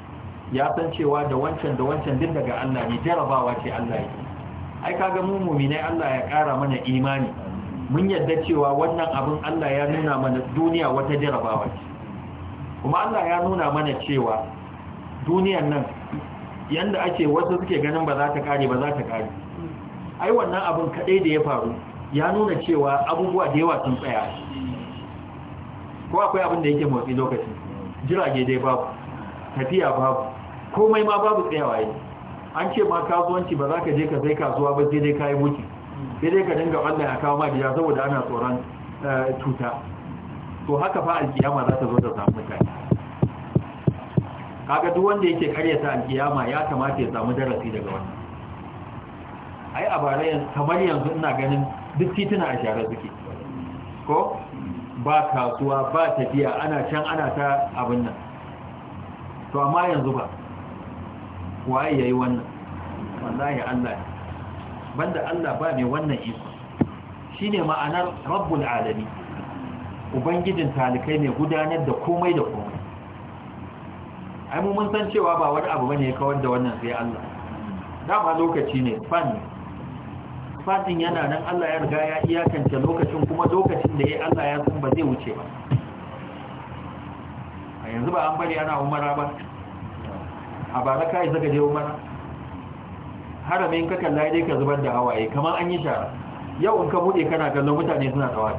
ya san cewa da wancan da wancan din daga Allah ne jarabawa ce Allah yake ai kaga mu mu'minai Allah ya kara mana imani mun yadda cewa wannan abin Allah ya nuna mana duniya wata jarabawa ce kuma Allah ya nuna mana cewa duniyan nan yanda ake wasu suke ganin ba za ta kare ba za ta kare ai wannan abin kadai da ya faru ya nuna cewa abubuwa da yawa sun tsaya ko akwai abin da yake motsi lokaci jirage dai babu tafiya babu komai ma babu tsayawa yi an ce ma kasuwanci ba za ka je ka sai kasuwa ba sai dai ka yi mutu sai dai ka dinga wannan a kawo ma gida saboda ana tsoron eh, cuta to haka fa alkiyama za ta zo ta samu mutane kaga duk wanda yake karyata alkiyama ya kamata ya samu darasi daga wannan ai a bara kamar yanzu ina ganin duk tituna a share suke ko ba kasuwa ba tafiya ana can ana ta abin nan to amma yanzu ba waye yayi wannan wallahi Allah banda Allah ba mai wannan iko shine ma'anar rabbul alamin ubangijin talikai ne gudanar da komai da komai ai mu mun san cewa ba wani abu bane ya kawar da wannan sai Allah dama lokaci ne fan Fatin yana nan Allah ya riga ya iyakance lokacin kuma lokacin da ya Allah ya san ba zai wuce ba a yanzu ba an bari ana umara ba a bara kai zaka je umara haramin ka kalla dai ka zubar da hawaye kamar an yi shara yau in ka bude kana kallon mutane suna tawa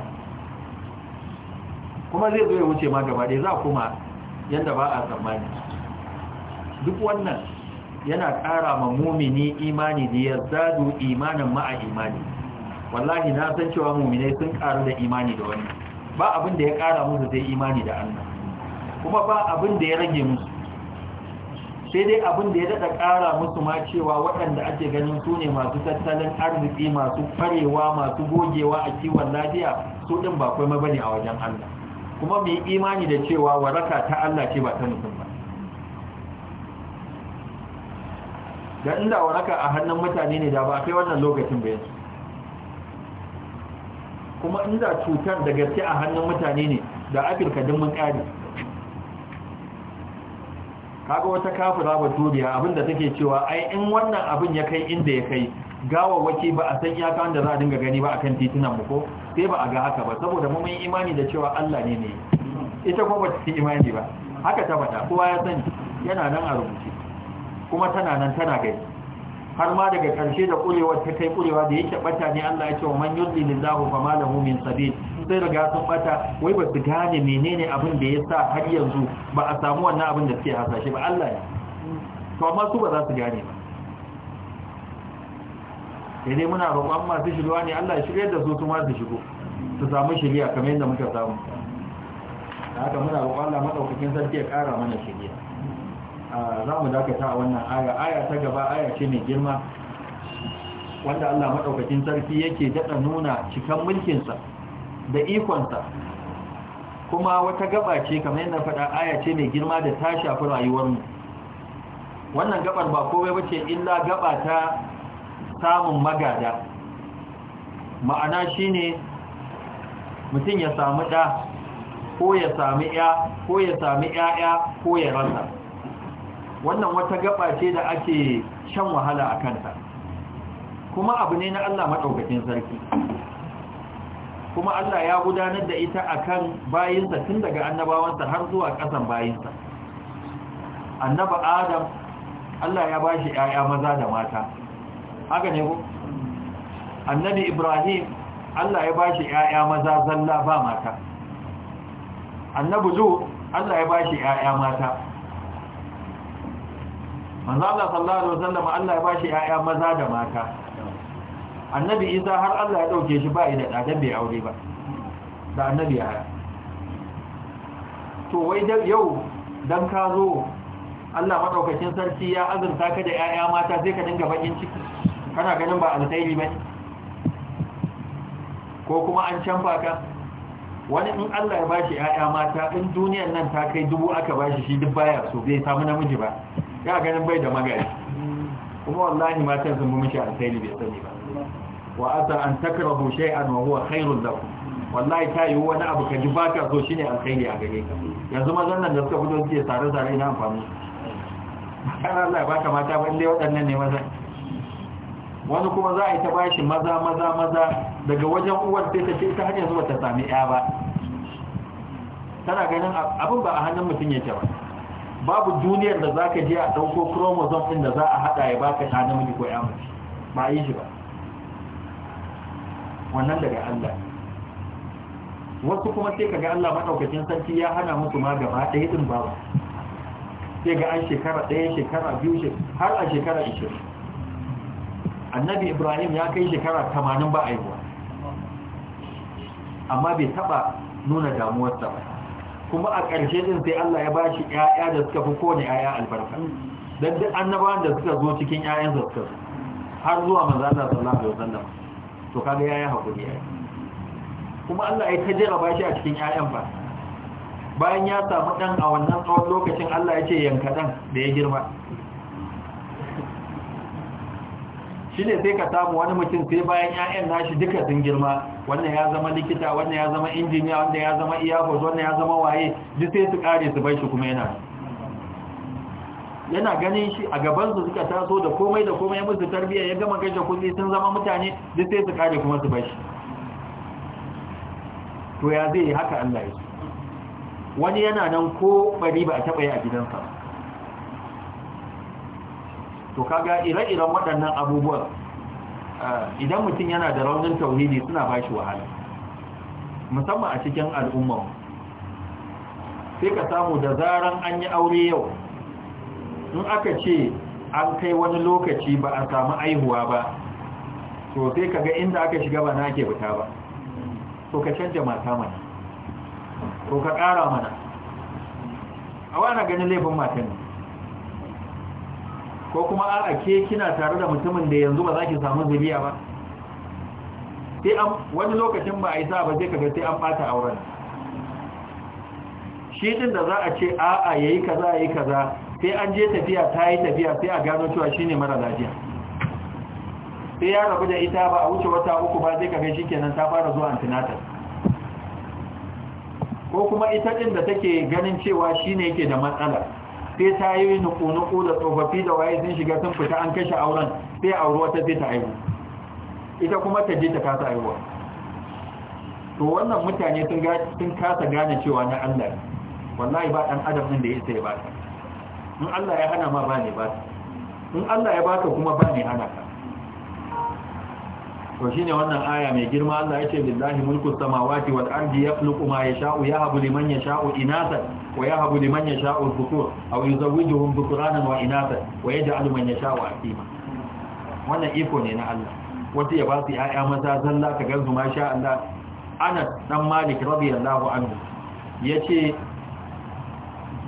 kuma zai zo ya wuce ma gaba dai za kuma yanda ba a tsammani duk wannan yana ƙara ma mumini imani da ya zadu imanin ma'a imani wallahi na san cewa muminai sun ƙaru da imani da wani ba abin da ya ƙara musu sai imani da Allah kuma ba abin da ya rage musu sai dai abin da ya daɗa ƙara musu ma cewa waɗanda ake ganin su ne masu tattalin arziki masu farewa masu gogewa a kiwon lafiya su ɗin ba kwai mabani a wajen Allah kuma mai imani da cewa waraka ta Allah ce ba ta mutum ba da inda waraka a hannun mutane ne da ba kai wannan lokacin ba kuma inda cutar da gaske a hannun mutane ne da afirka din mun kare kaga wata kafira abin abinda take cewa ai in wannan abin ya kai inda ya kai gawawaki ba a san iyaka wanda za a dinga gani ba akan titunan mu ko sai ba a ga haka ba saboda mu mun imani da cewa Allah ne ne ita kuma ba ta imani ba haka ta faɗa kowa ya sani yana nan a rubuce kuma tana nan tana gani har ma daga ƙarshe da ƙurewar ta kai ƙurewa da yake bata ne Allah ya ce wa man yudli lillahu ma lahu min sabil sai riga sun bata wai ba su gane menene abin da ya sa har yanzu ba a samu wannan abin da suke hasashe ba Allah ne to amma su ba za su gane ba sai dai muna roƙon masu shirwa ne Allah ya shirya da su su ma su shigo su samu shirya kamar yadda muka samu haka muna roƙon Allah madaukakin sarki ya ƙara mana shirya za mu dakata a wannan aya aya ta gaba aya ce mai girma wanda Allah maɗaukacin sarki yake daɗa nuna cikan mulkinsa da ikonsa kuma wata gaba ce kamar yadda faɗa aya ce mai girma da ta shafi mu. wannan gabar ba komai ba illa gaba ta samun magada ma'ana shine mutum ya samu ɗa ko ya sami ya ko ya sami ya'ya ko ya rasa wannan wata gaba ce da ake shan wahala a kanta kuma abu ne na Allah maɗaukacin sarki kuma Allah ya gudanar da ita akan bayinsa tun daga annabawansa har zuwa ƙasan bayinsa annaba adam Allah ya ba shi ‘ya'ya maza da mata haka ne ku annabi ibrahim Allah ya ba shi ‘ya'ya maza zalla ba mata annabu zuwa Allah ya ba shi ‘ya'ya mata manzo Allah sallallahu alaihi wasallam Allah ya bashi yaya maza da mata annabi Isa har Allah ya dauke shi ba ida da dan bai aure ba da annabi ya to wai da yau dan ka zo Allah madaukakin sarki ya azurta ka da yaya mata sai ka dinga bakin ciki kana ganin ba alkhairi ba. ko kuma an canfa ka wani in Allah ya bashi yaya mata in duniyar nan ta kai dubu aka bashi shi duk baya so bai samu namiji ba ga ganin bai da magari kuma wallahi matan sun bi mishi alkhairi bai sani ba wa asa an takrahu shay'an wa huwa khairun lakum wallahi ta yi wani abu ka ji ba ka so shine alkhairi a gare ka yanzu mazan nan da suka fito suke tare tare ina amfani kana Allah ya baka mata ba dai waɗannan ne maza wani kuma za a yi ta bashi maza maza maza daga wajen uwar sai ta ce ta hanyar zuwa ta sami ya ba tana ganin abin ba a hannun mutum yake ba babu duniyar da zaka je a dauko chromosome din da za a hada ya baka ta namiji ko ya mace ba yi shi ba wannan daga Allah wasu kuma sai kaga Allah madaukakin sarki ya hana musu ma gaba ɗaya din babu sai ga an shekara ɗaya shekara biyu har a shekara 20 annabi Ibrahim ya kai shekara 80 ba aiwa amma bai taba nuna damuwarsa ba kuma a ƙarshe din sai Allah ya bashi ƴaƴa da suka fi kowane ƴaƴa albarka dan duk annabawan da suka zo cikin ƴaƴan suka har zuwa manzo Allah sallallahu alaihi wasallam to kaga yayi hakuri yayi kuma Allah ya tajira bashi a cikin ƴaƴan ba bayan ya samu ɗan a wannan tsawon lokacin Allah ya ce yanka dan da ya girma shine sai ka samu wani mutum sai bayan 'ya'yan nashi duka sun girma wannan ya zama likita wannan ya zama injiniya wannan ya zama iyakos wannan ya zama waye duk sai su kare su bai shi kuma yana yana ganin shi a gaban su suka taso da komai da komai musu tarbiyya ya gama kashe kuɗi sun zama mutane duk sai su kare kuma su bai shi to ya zai haka Allah ya wani yana nan ko bari ba a taɓa yi a gidansa to kaga ire-iren waɗannan abubuwan eh, idan mutum yana da raunin tauhidi suna ba shi wahala musamman a cikin al'umman sai ka samu da zaran an yi aure yau in aka ce an kai wani lokaci ba a samu aihuwa ba to sai ka inda aka shiga ba na ke fita ba to ka canja mata mana to ka ƙara mana a wani ganin laifin matan ne ko kuma a'a ke kina tare da mutumin da yanzu ba za ki samu zuriya ba sai an wani lokacin ba a yi sa ba sai kaga sai an bata auren shi din da za a ce a yayi kaza yayi kaza sai an je tafiya ta yi tafiya sai a gano cewa shine mara lafiya sai ya rabu da ita ba a wuce wata uku ba sai kaga shikenan ta fara zuwa antenatal ko kuma ita din da take ganin cewa shine yake da matsala sai ta yi nuku-nuku da tsofaffi da waye sun shiga sun fita an kashe auren sai auri wata sai ta aihu ita kuma ta je ta kasa aihuwa to wannan mutane sun kasa gane cewa na Allah wallahi ba ɗan adam ɗin da ya sai ba ta in Allah ya hana ma ba ne ba ta in Allah ya baka kuma ba ne hana ka to shine wannan aya mai girma Allah ya ce billahi mulku samawati wal ardi yakhluqu ma yasha'u yahabu liman yasha'u inathan ويهب لمن يشاء الذكور او يزوجهم ذكرانا واناثا ويجعل من يشاء عقيما وانا ايكو ني na Allah wata ya ba su ƴaƴa maza zalla ka gansu ma sha Allah Anas dan Malik radiyallahu anhu yace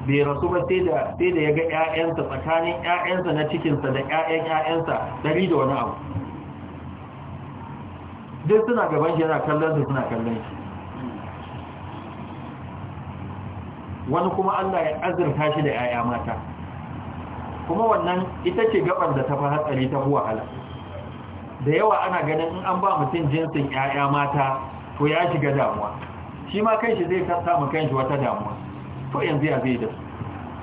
bai rasu sai da sai da yaga ƴaƴansa tsakanin ƴaƴansa na cikin sa da ƴaƴan ƴaƴansa dari da wani abu duk suna gaban shi yana kallon su suna kallon shi wani kuma Allah ya azurta shi da 'ya'ya mata kuma wannan ita ce gabar da ta fi hatsari ta fi wahala da yawa ana ganin in an ba mutum jinsin 'ya'ya mata to ya shiga damuwa shi ma kanshi zai samu kanshi wata damuwa to yanzu ya zai da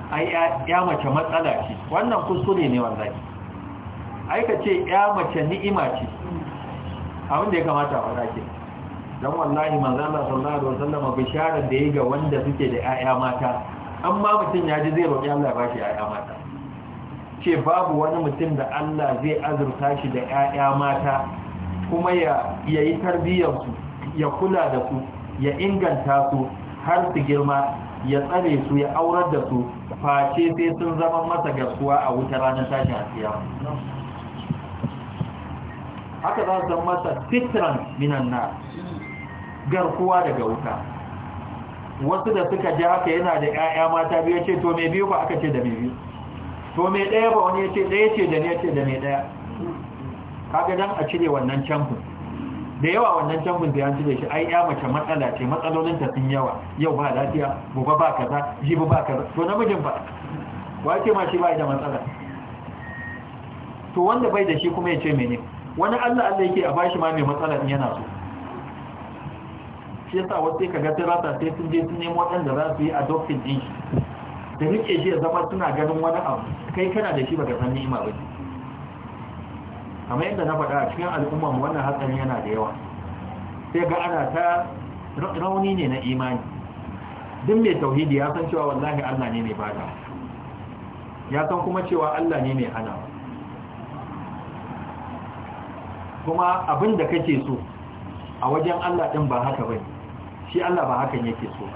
ai ya mace matsala ce wannan kuskure ne wallahi ai ka ce ya mace ni'ima ce abin da ya kamata a faɗa ke dan wallahi manzon Allah sallallahu alaihi wasallam bisharar da yayi ga wanda suke da 'ya'ya mata amma mutum ya ji zai roƙi Allah ya bashi 'ya'ya mata ce babu wani mutum da Allah zai azurta shi da 'ya'ya mata kuma ya tarbiyyar tarbiyyarsu ya kula da su ya inganta su har su girma ya tsare su ya aurar da su face sai sun zama masa gaskuwa a wuta ranar tashin asiya haka za su masa fitran minan na garkuwa daga wuta wasu da suka ji haka yana da 'ya'ya mata biyu ce to mai biyu ba aka ce da mai biyu to mai ɗaya ba wani ya ce ɗaya ce da ne ce da mai ɗaya kaga dan a cire wannan canfin da yawa wannan canfin da ya cire shi ai ƴa mace matsala ce matsalolin ta sun yawa yau ba lafiya gobe ba kaza jibi ba kaza to namijin ba wace ma shi ba da matsala to wanda bai da shi kuma ya ce mene wani Allah Allah yake a bashi ma mai matsala din yana so shi yasa wasu sai kaga tirata sai sun je sun nemo waɗanda za su yi a din shi da rike shi ya zama suna ganin wani abu kai kana da shi baka san ni'ima ba kamar yadda na faɗa a cikin al'umma wannan hatsari yana da yawa sai ga ana ta rauni ne na imani duk mai tauhidi ya san cewa wallahi Allah ne mai bada ya san kuma cewa Allah ne mai hana kuma abin da kake so a wajen Allah din ba haka bane shi Allah ba hakan yake so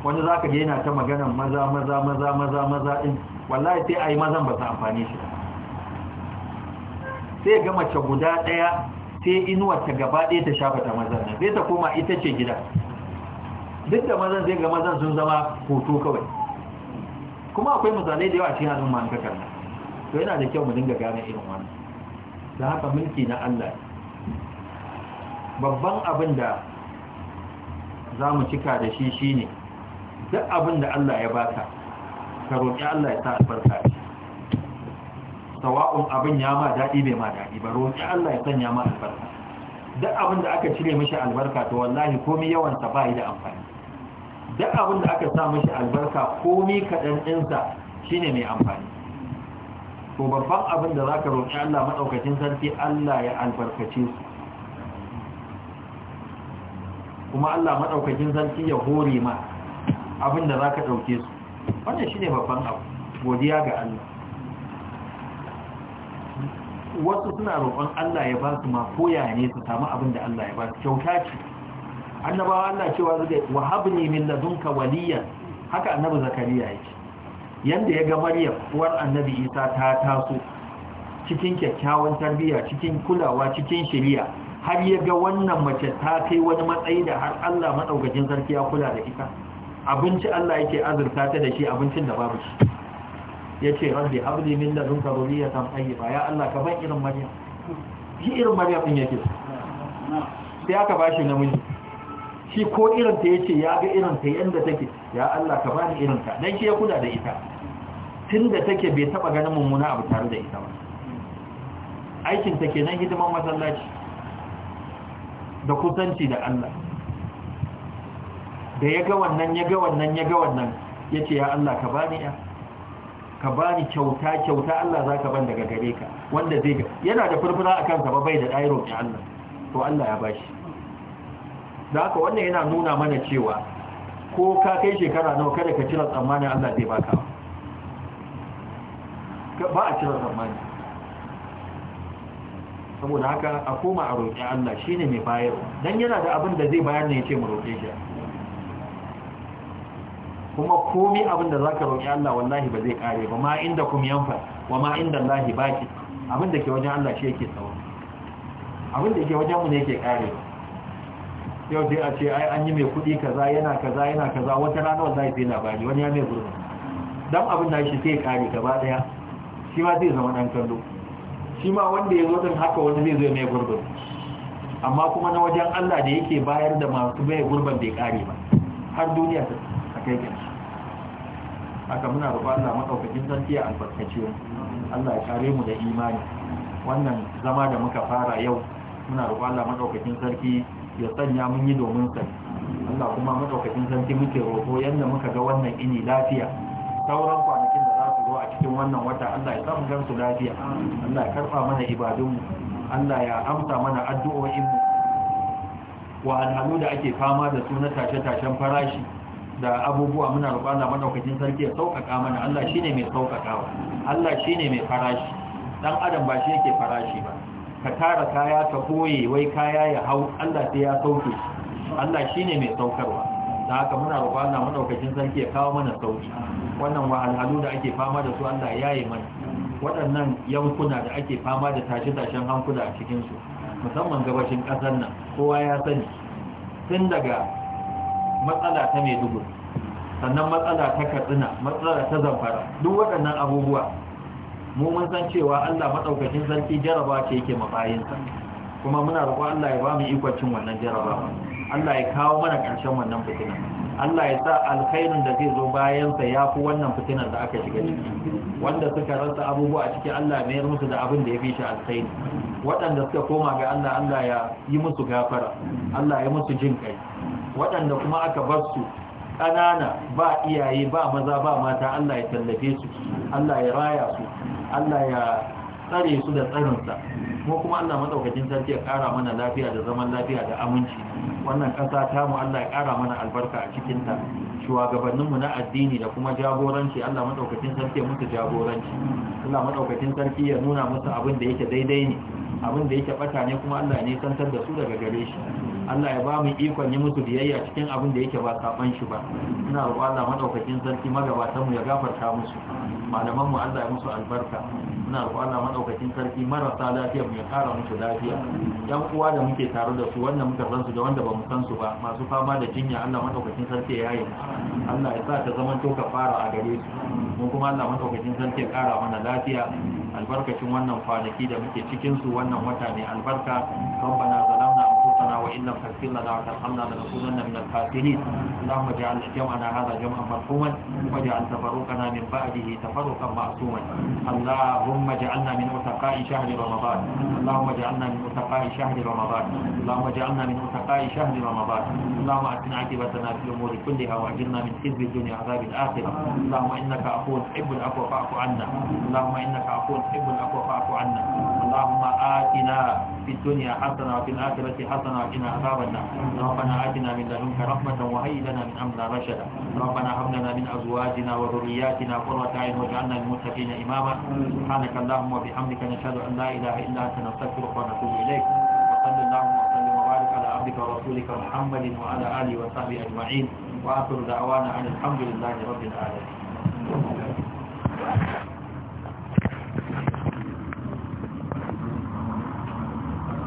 wani zaka ga yana ta magana maza maza maza maza maza in wallahi sai yi mazan ba su amfani shi sai ga mace guda daya sai inuwar ta gaba ɗaya ta shafa ta mazan nan ta koma ita ce gida duk da mazan zai ga mazan sun zama hoto kawai kuma akwai misalai da yawa cikin hannun ma'an kakar to yana da kyau mu dinga gane irin wannan da haka mulki na Allah babban abin da za mu cika da shi shi ne duk abin da Allah ya ba ka ka roƙi Allah ya sa albarka ce sawa'un abin ya ma daɗi bai ma daɗi ba roƙi Allah ya sanya ma albarka duk abin da aka cire mishi albarka to wallahi komai yawan ta bai da amfani duk abin da aka sa mishi albarka komai kaɗan ɗinsa shine mai amfani to babban abin da zaka roƙi Allah madaukakin sarki Allah ya albarkace su kuma Allah maɗaukakin zarfi ya hore ma abin da za ka ɗauke su wannan shi ne babban abu godiya ga Allah wasu suna roƙon Allah ya basu su ma koya ne su samu abin da Allah ya ba kyauta ce annabawa Allah cewa zai wahabni min ladunka waliya haka annabi zakariya yake yanda ya ga Maryam uwar annabi Isa ta taso cikin kyakkyawan tarbiyya cikin kulawa cikin shiriya har ya ga wannan mace ta kai wani matsayi da har Allah maɗaukacin sarki ya kula da ita abinci Allah yake azurta ta da shi abincin da babu shi ya ce rabbi habli min da dhurriyatan tayyiba ya Allah ka ban irin maryam shi irin maryam din yake sai aka bashi namiji shi ko irin ta yace ya ga irin ta yanda take ya Allah ka bani irin ta dan shi ya kula da ita tunda take bai taba ganin mummuna abu tare da ita ba aikin ta kenan hidiman masallaci da kusanci da Allah da ya ga wannan ya ga wannan ya ga wannan ya ce ya Allah ka bani ya ka bani kyauta kyauta Allah za ka ban daga gare ka wanda zai ga yana da furfura a kansa babai da ɗayi roƙi Allah to Allah ya bashi da haka wannan yana nuna mana cewa ko ka kai shekara nawa kada ka cira tsammanin Allah zai baka ba a cire tsammani saboda haka a koma a roƙi Allah shi ne mai bayar dan yana da abin da zai bayar ne ya ce mu roƙe shi kuma komi abin da za ka roƙi Allah wallahi ba zai ƙare ba ma inda kuma yamfa wa ma inda Allah ki? abin da ke wajen Allah shi yake tsawon? abin da ke wajen mu ne yake ƙare? yau dai a ce ai an yi mai kuɗi kaza yana kaza yana kaza wata rana wallahi sai labari wani ya mai gurbin dan abin da shi sai ƙare gaba daya shi ma zai zama dan kallo shi ma wanda ya zo din haka wani zai zo mai gurbin amma kuma na wajen Allah da yake bayar da masu bai gurbin bai kare ba har duniya ta kai ga haka muna rufa Allah madaukakin sarki a albarkace mu Allah ya kare mu da imani wannan zama da muka fara yau muna rufa Allah madaukakin sarki ya sanya mun yi domin sa Allah kuma maɗaukacin sarki muke roƙo yadda muka ga wannan ini lafiya sauran kwanakin cikin wannan wata Allah ya samu gansu lafiya Allah ya karɓa mana ibadunmu Allah ya amsa mana addu'o'inmu alhalu da ake fama da suna na tashe-tashen farashi da abubuwa muna rubana madaukakin sarki ya sauƙaƙa mana Allah shine mai sauƙaƙawa Allah shine mai farashi dan adam ba shi yake farashi ba ka tara kaya ka koye wai kaya ya hau Allah sai ya sauke Allah shine mai saukarwa da haka muna roƙo Allah madaukakin sarki ya kawo mana sauki wannan wahalhalu da ake fama da su Allah ya yi mana waɗannan yankuna da ake fama da tashe-tashen hankula a cikin su musamman gabashin ƙasar nan kowa ya sani tun daga matsala ta mai dubu, sannan matsala ta Katsina matsala ta Zamfara duk waɗannan abubuwa mu mun san cewa Allah maɗaukacin sarki jarabawa ce yake mafayinsa kuma muna roƙon Allah ya ba mu ikon cin wannan jarabawa Allah ya kawo mana ƙarshen wannan fitina, Allah ya sa alkhairin da zai zo bayansa ya fi wannan fitinar da aka shiga ciki wanda suka rasa abubuwa a ciki Allah ya mayar musu da abin da ya fi shi alkhairi waɗanda suka koma ga Allah Allah ya yi musu gafara Allah ya musu jin kai waɗanda kuma aka bar su ƙanana ba iyaye ba maza ba mata Allah ya tallafe su Allah ya raya su Allah ya tsare su da tsarinsa mu kuma Allah madaukakin sarki ya kara mana lafiya da zaman lafiya da aminci wannan kasa ta mu Allah ya kara mana albarka a cikin ta mu na addini da kuma jagoranci Allah madaukakin sarki ya mutu jagoranci Allah madaukakin sarki ya nuna musu abin da yake daidai ne abin da yake bata ne kuma Allah ne san da su daga gare shi Allah ya ba mu ikon yi musu biyayya cikin abin da yake ba saban shi ba ina roƙo Allah madaukakin sarki magabatan mu ya gafarta musu malaman mu Allah ya musu albarka ina roƙo Allah madaukakin sarki marasa lafiya mu ya kara musu lafiya yan uwa da muke tare da su wanda muka san su da wanda bamu san su ba masu fama da jinya Allah madaukakin sarki ya yi Allah ya sa ta zama to ka fara a gare su mun kuma Allah madaukakin sarki ya kara mana lafiya albarkacin wannan kwanaki da muke cikin su wannan wata ne albarka rabbana zalama وإنك فاغفر لنا وترحمنا لنكونن من الخاسرين اللهم اجعل جمعنا هذا جمعا مرحوما واجعل تفرقنا من بعده تفرقا معصوما اللهم اجعلنا من أتقاء شهر رمضان اللهم اجعلنا من أتقاء شهر رمضان اللهم اجعلنا من أتقاء شهر رمضان اللهم أتنا عاقبتنا في الأمور كلها وأجرنا من حزب الدنيا عذاب الآخرة اللهم إنك عفو تحب العفو فاعف عنا اللهم إنك عفو تحب العفو فاعف عنا اللهم آتنا في الدنيا حسنة وفي الآخرة حسنة وقنا عذاب النار ربنا آتنا من لدنك رحمة وهيئ لنا من أمرنا رشدا ربنا هب لنا من أزواجنا وذرياتنا قرة أعين واجعلنا للمتقين إماما سبحانك اللهم وبحمدك نشهد أن لا إله إلا أنت نستغفرك ونتوب إليك وصل اللهم وسلم وبارك على عبدك ورسولك محمد وعلى آله وصحبه أجمعين وآخر دعوانا أن الحمد لله رب العالمين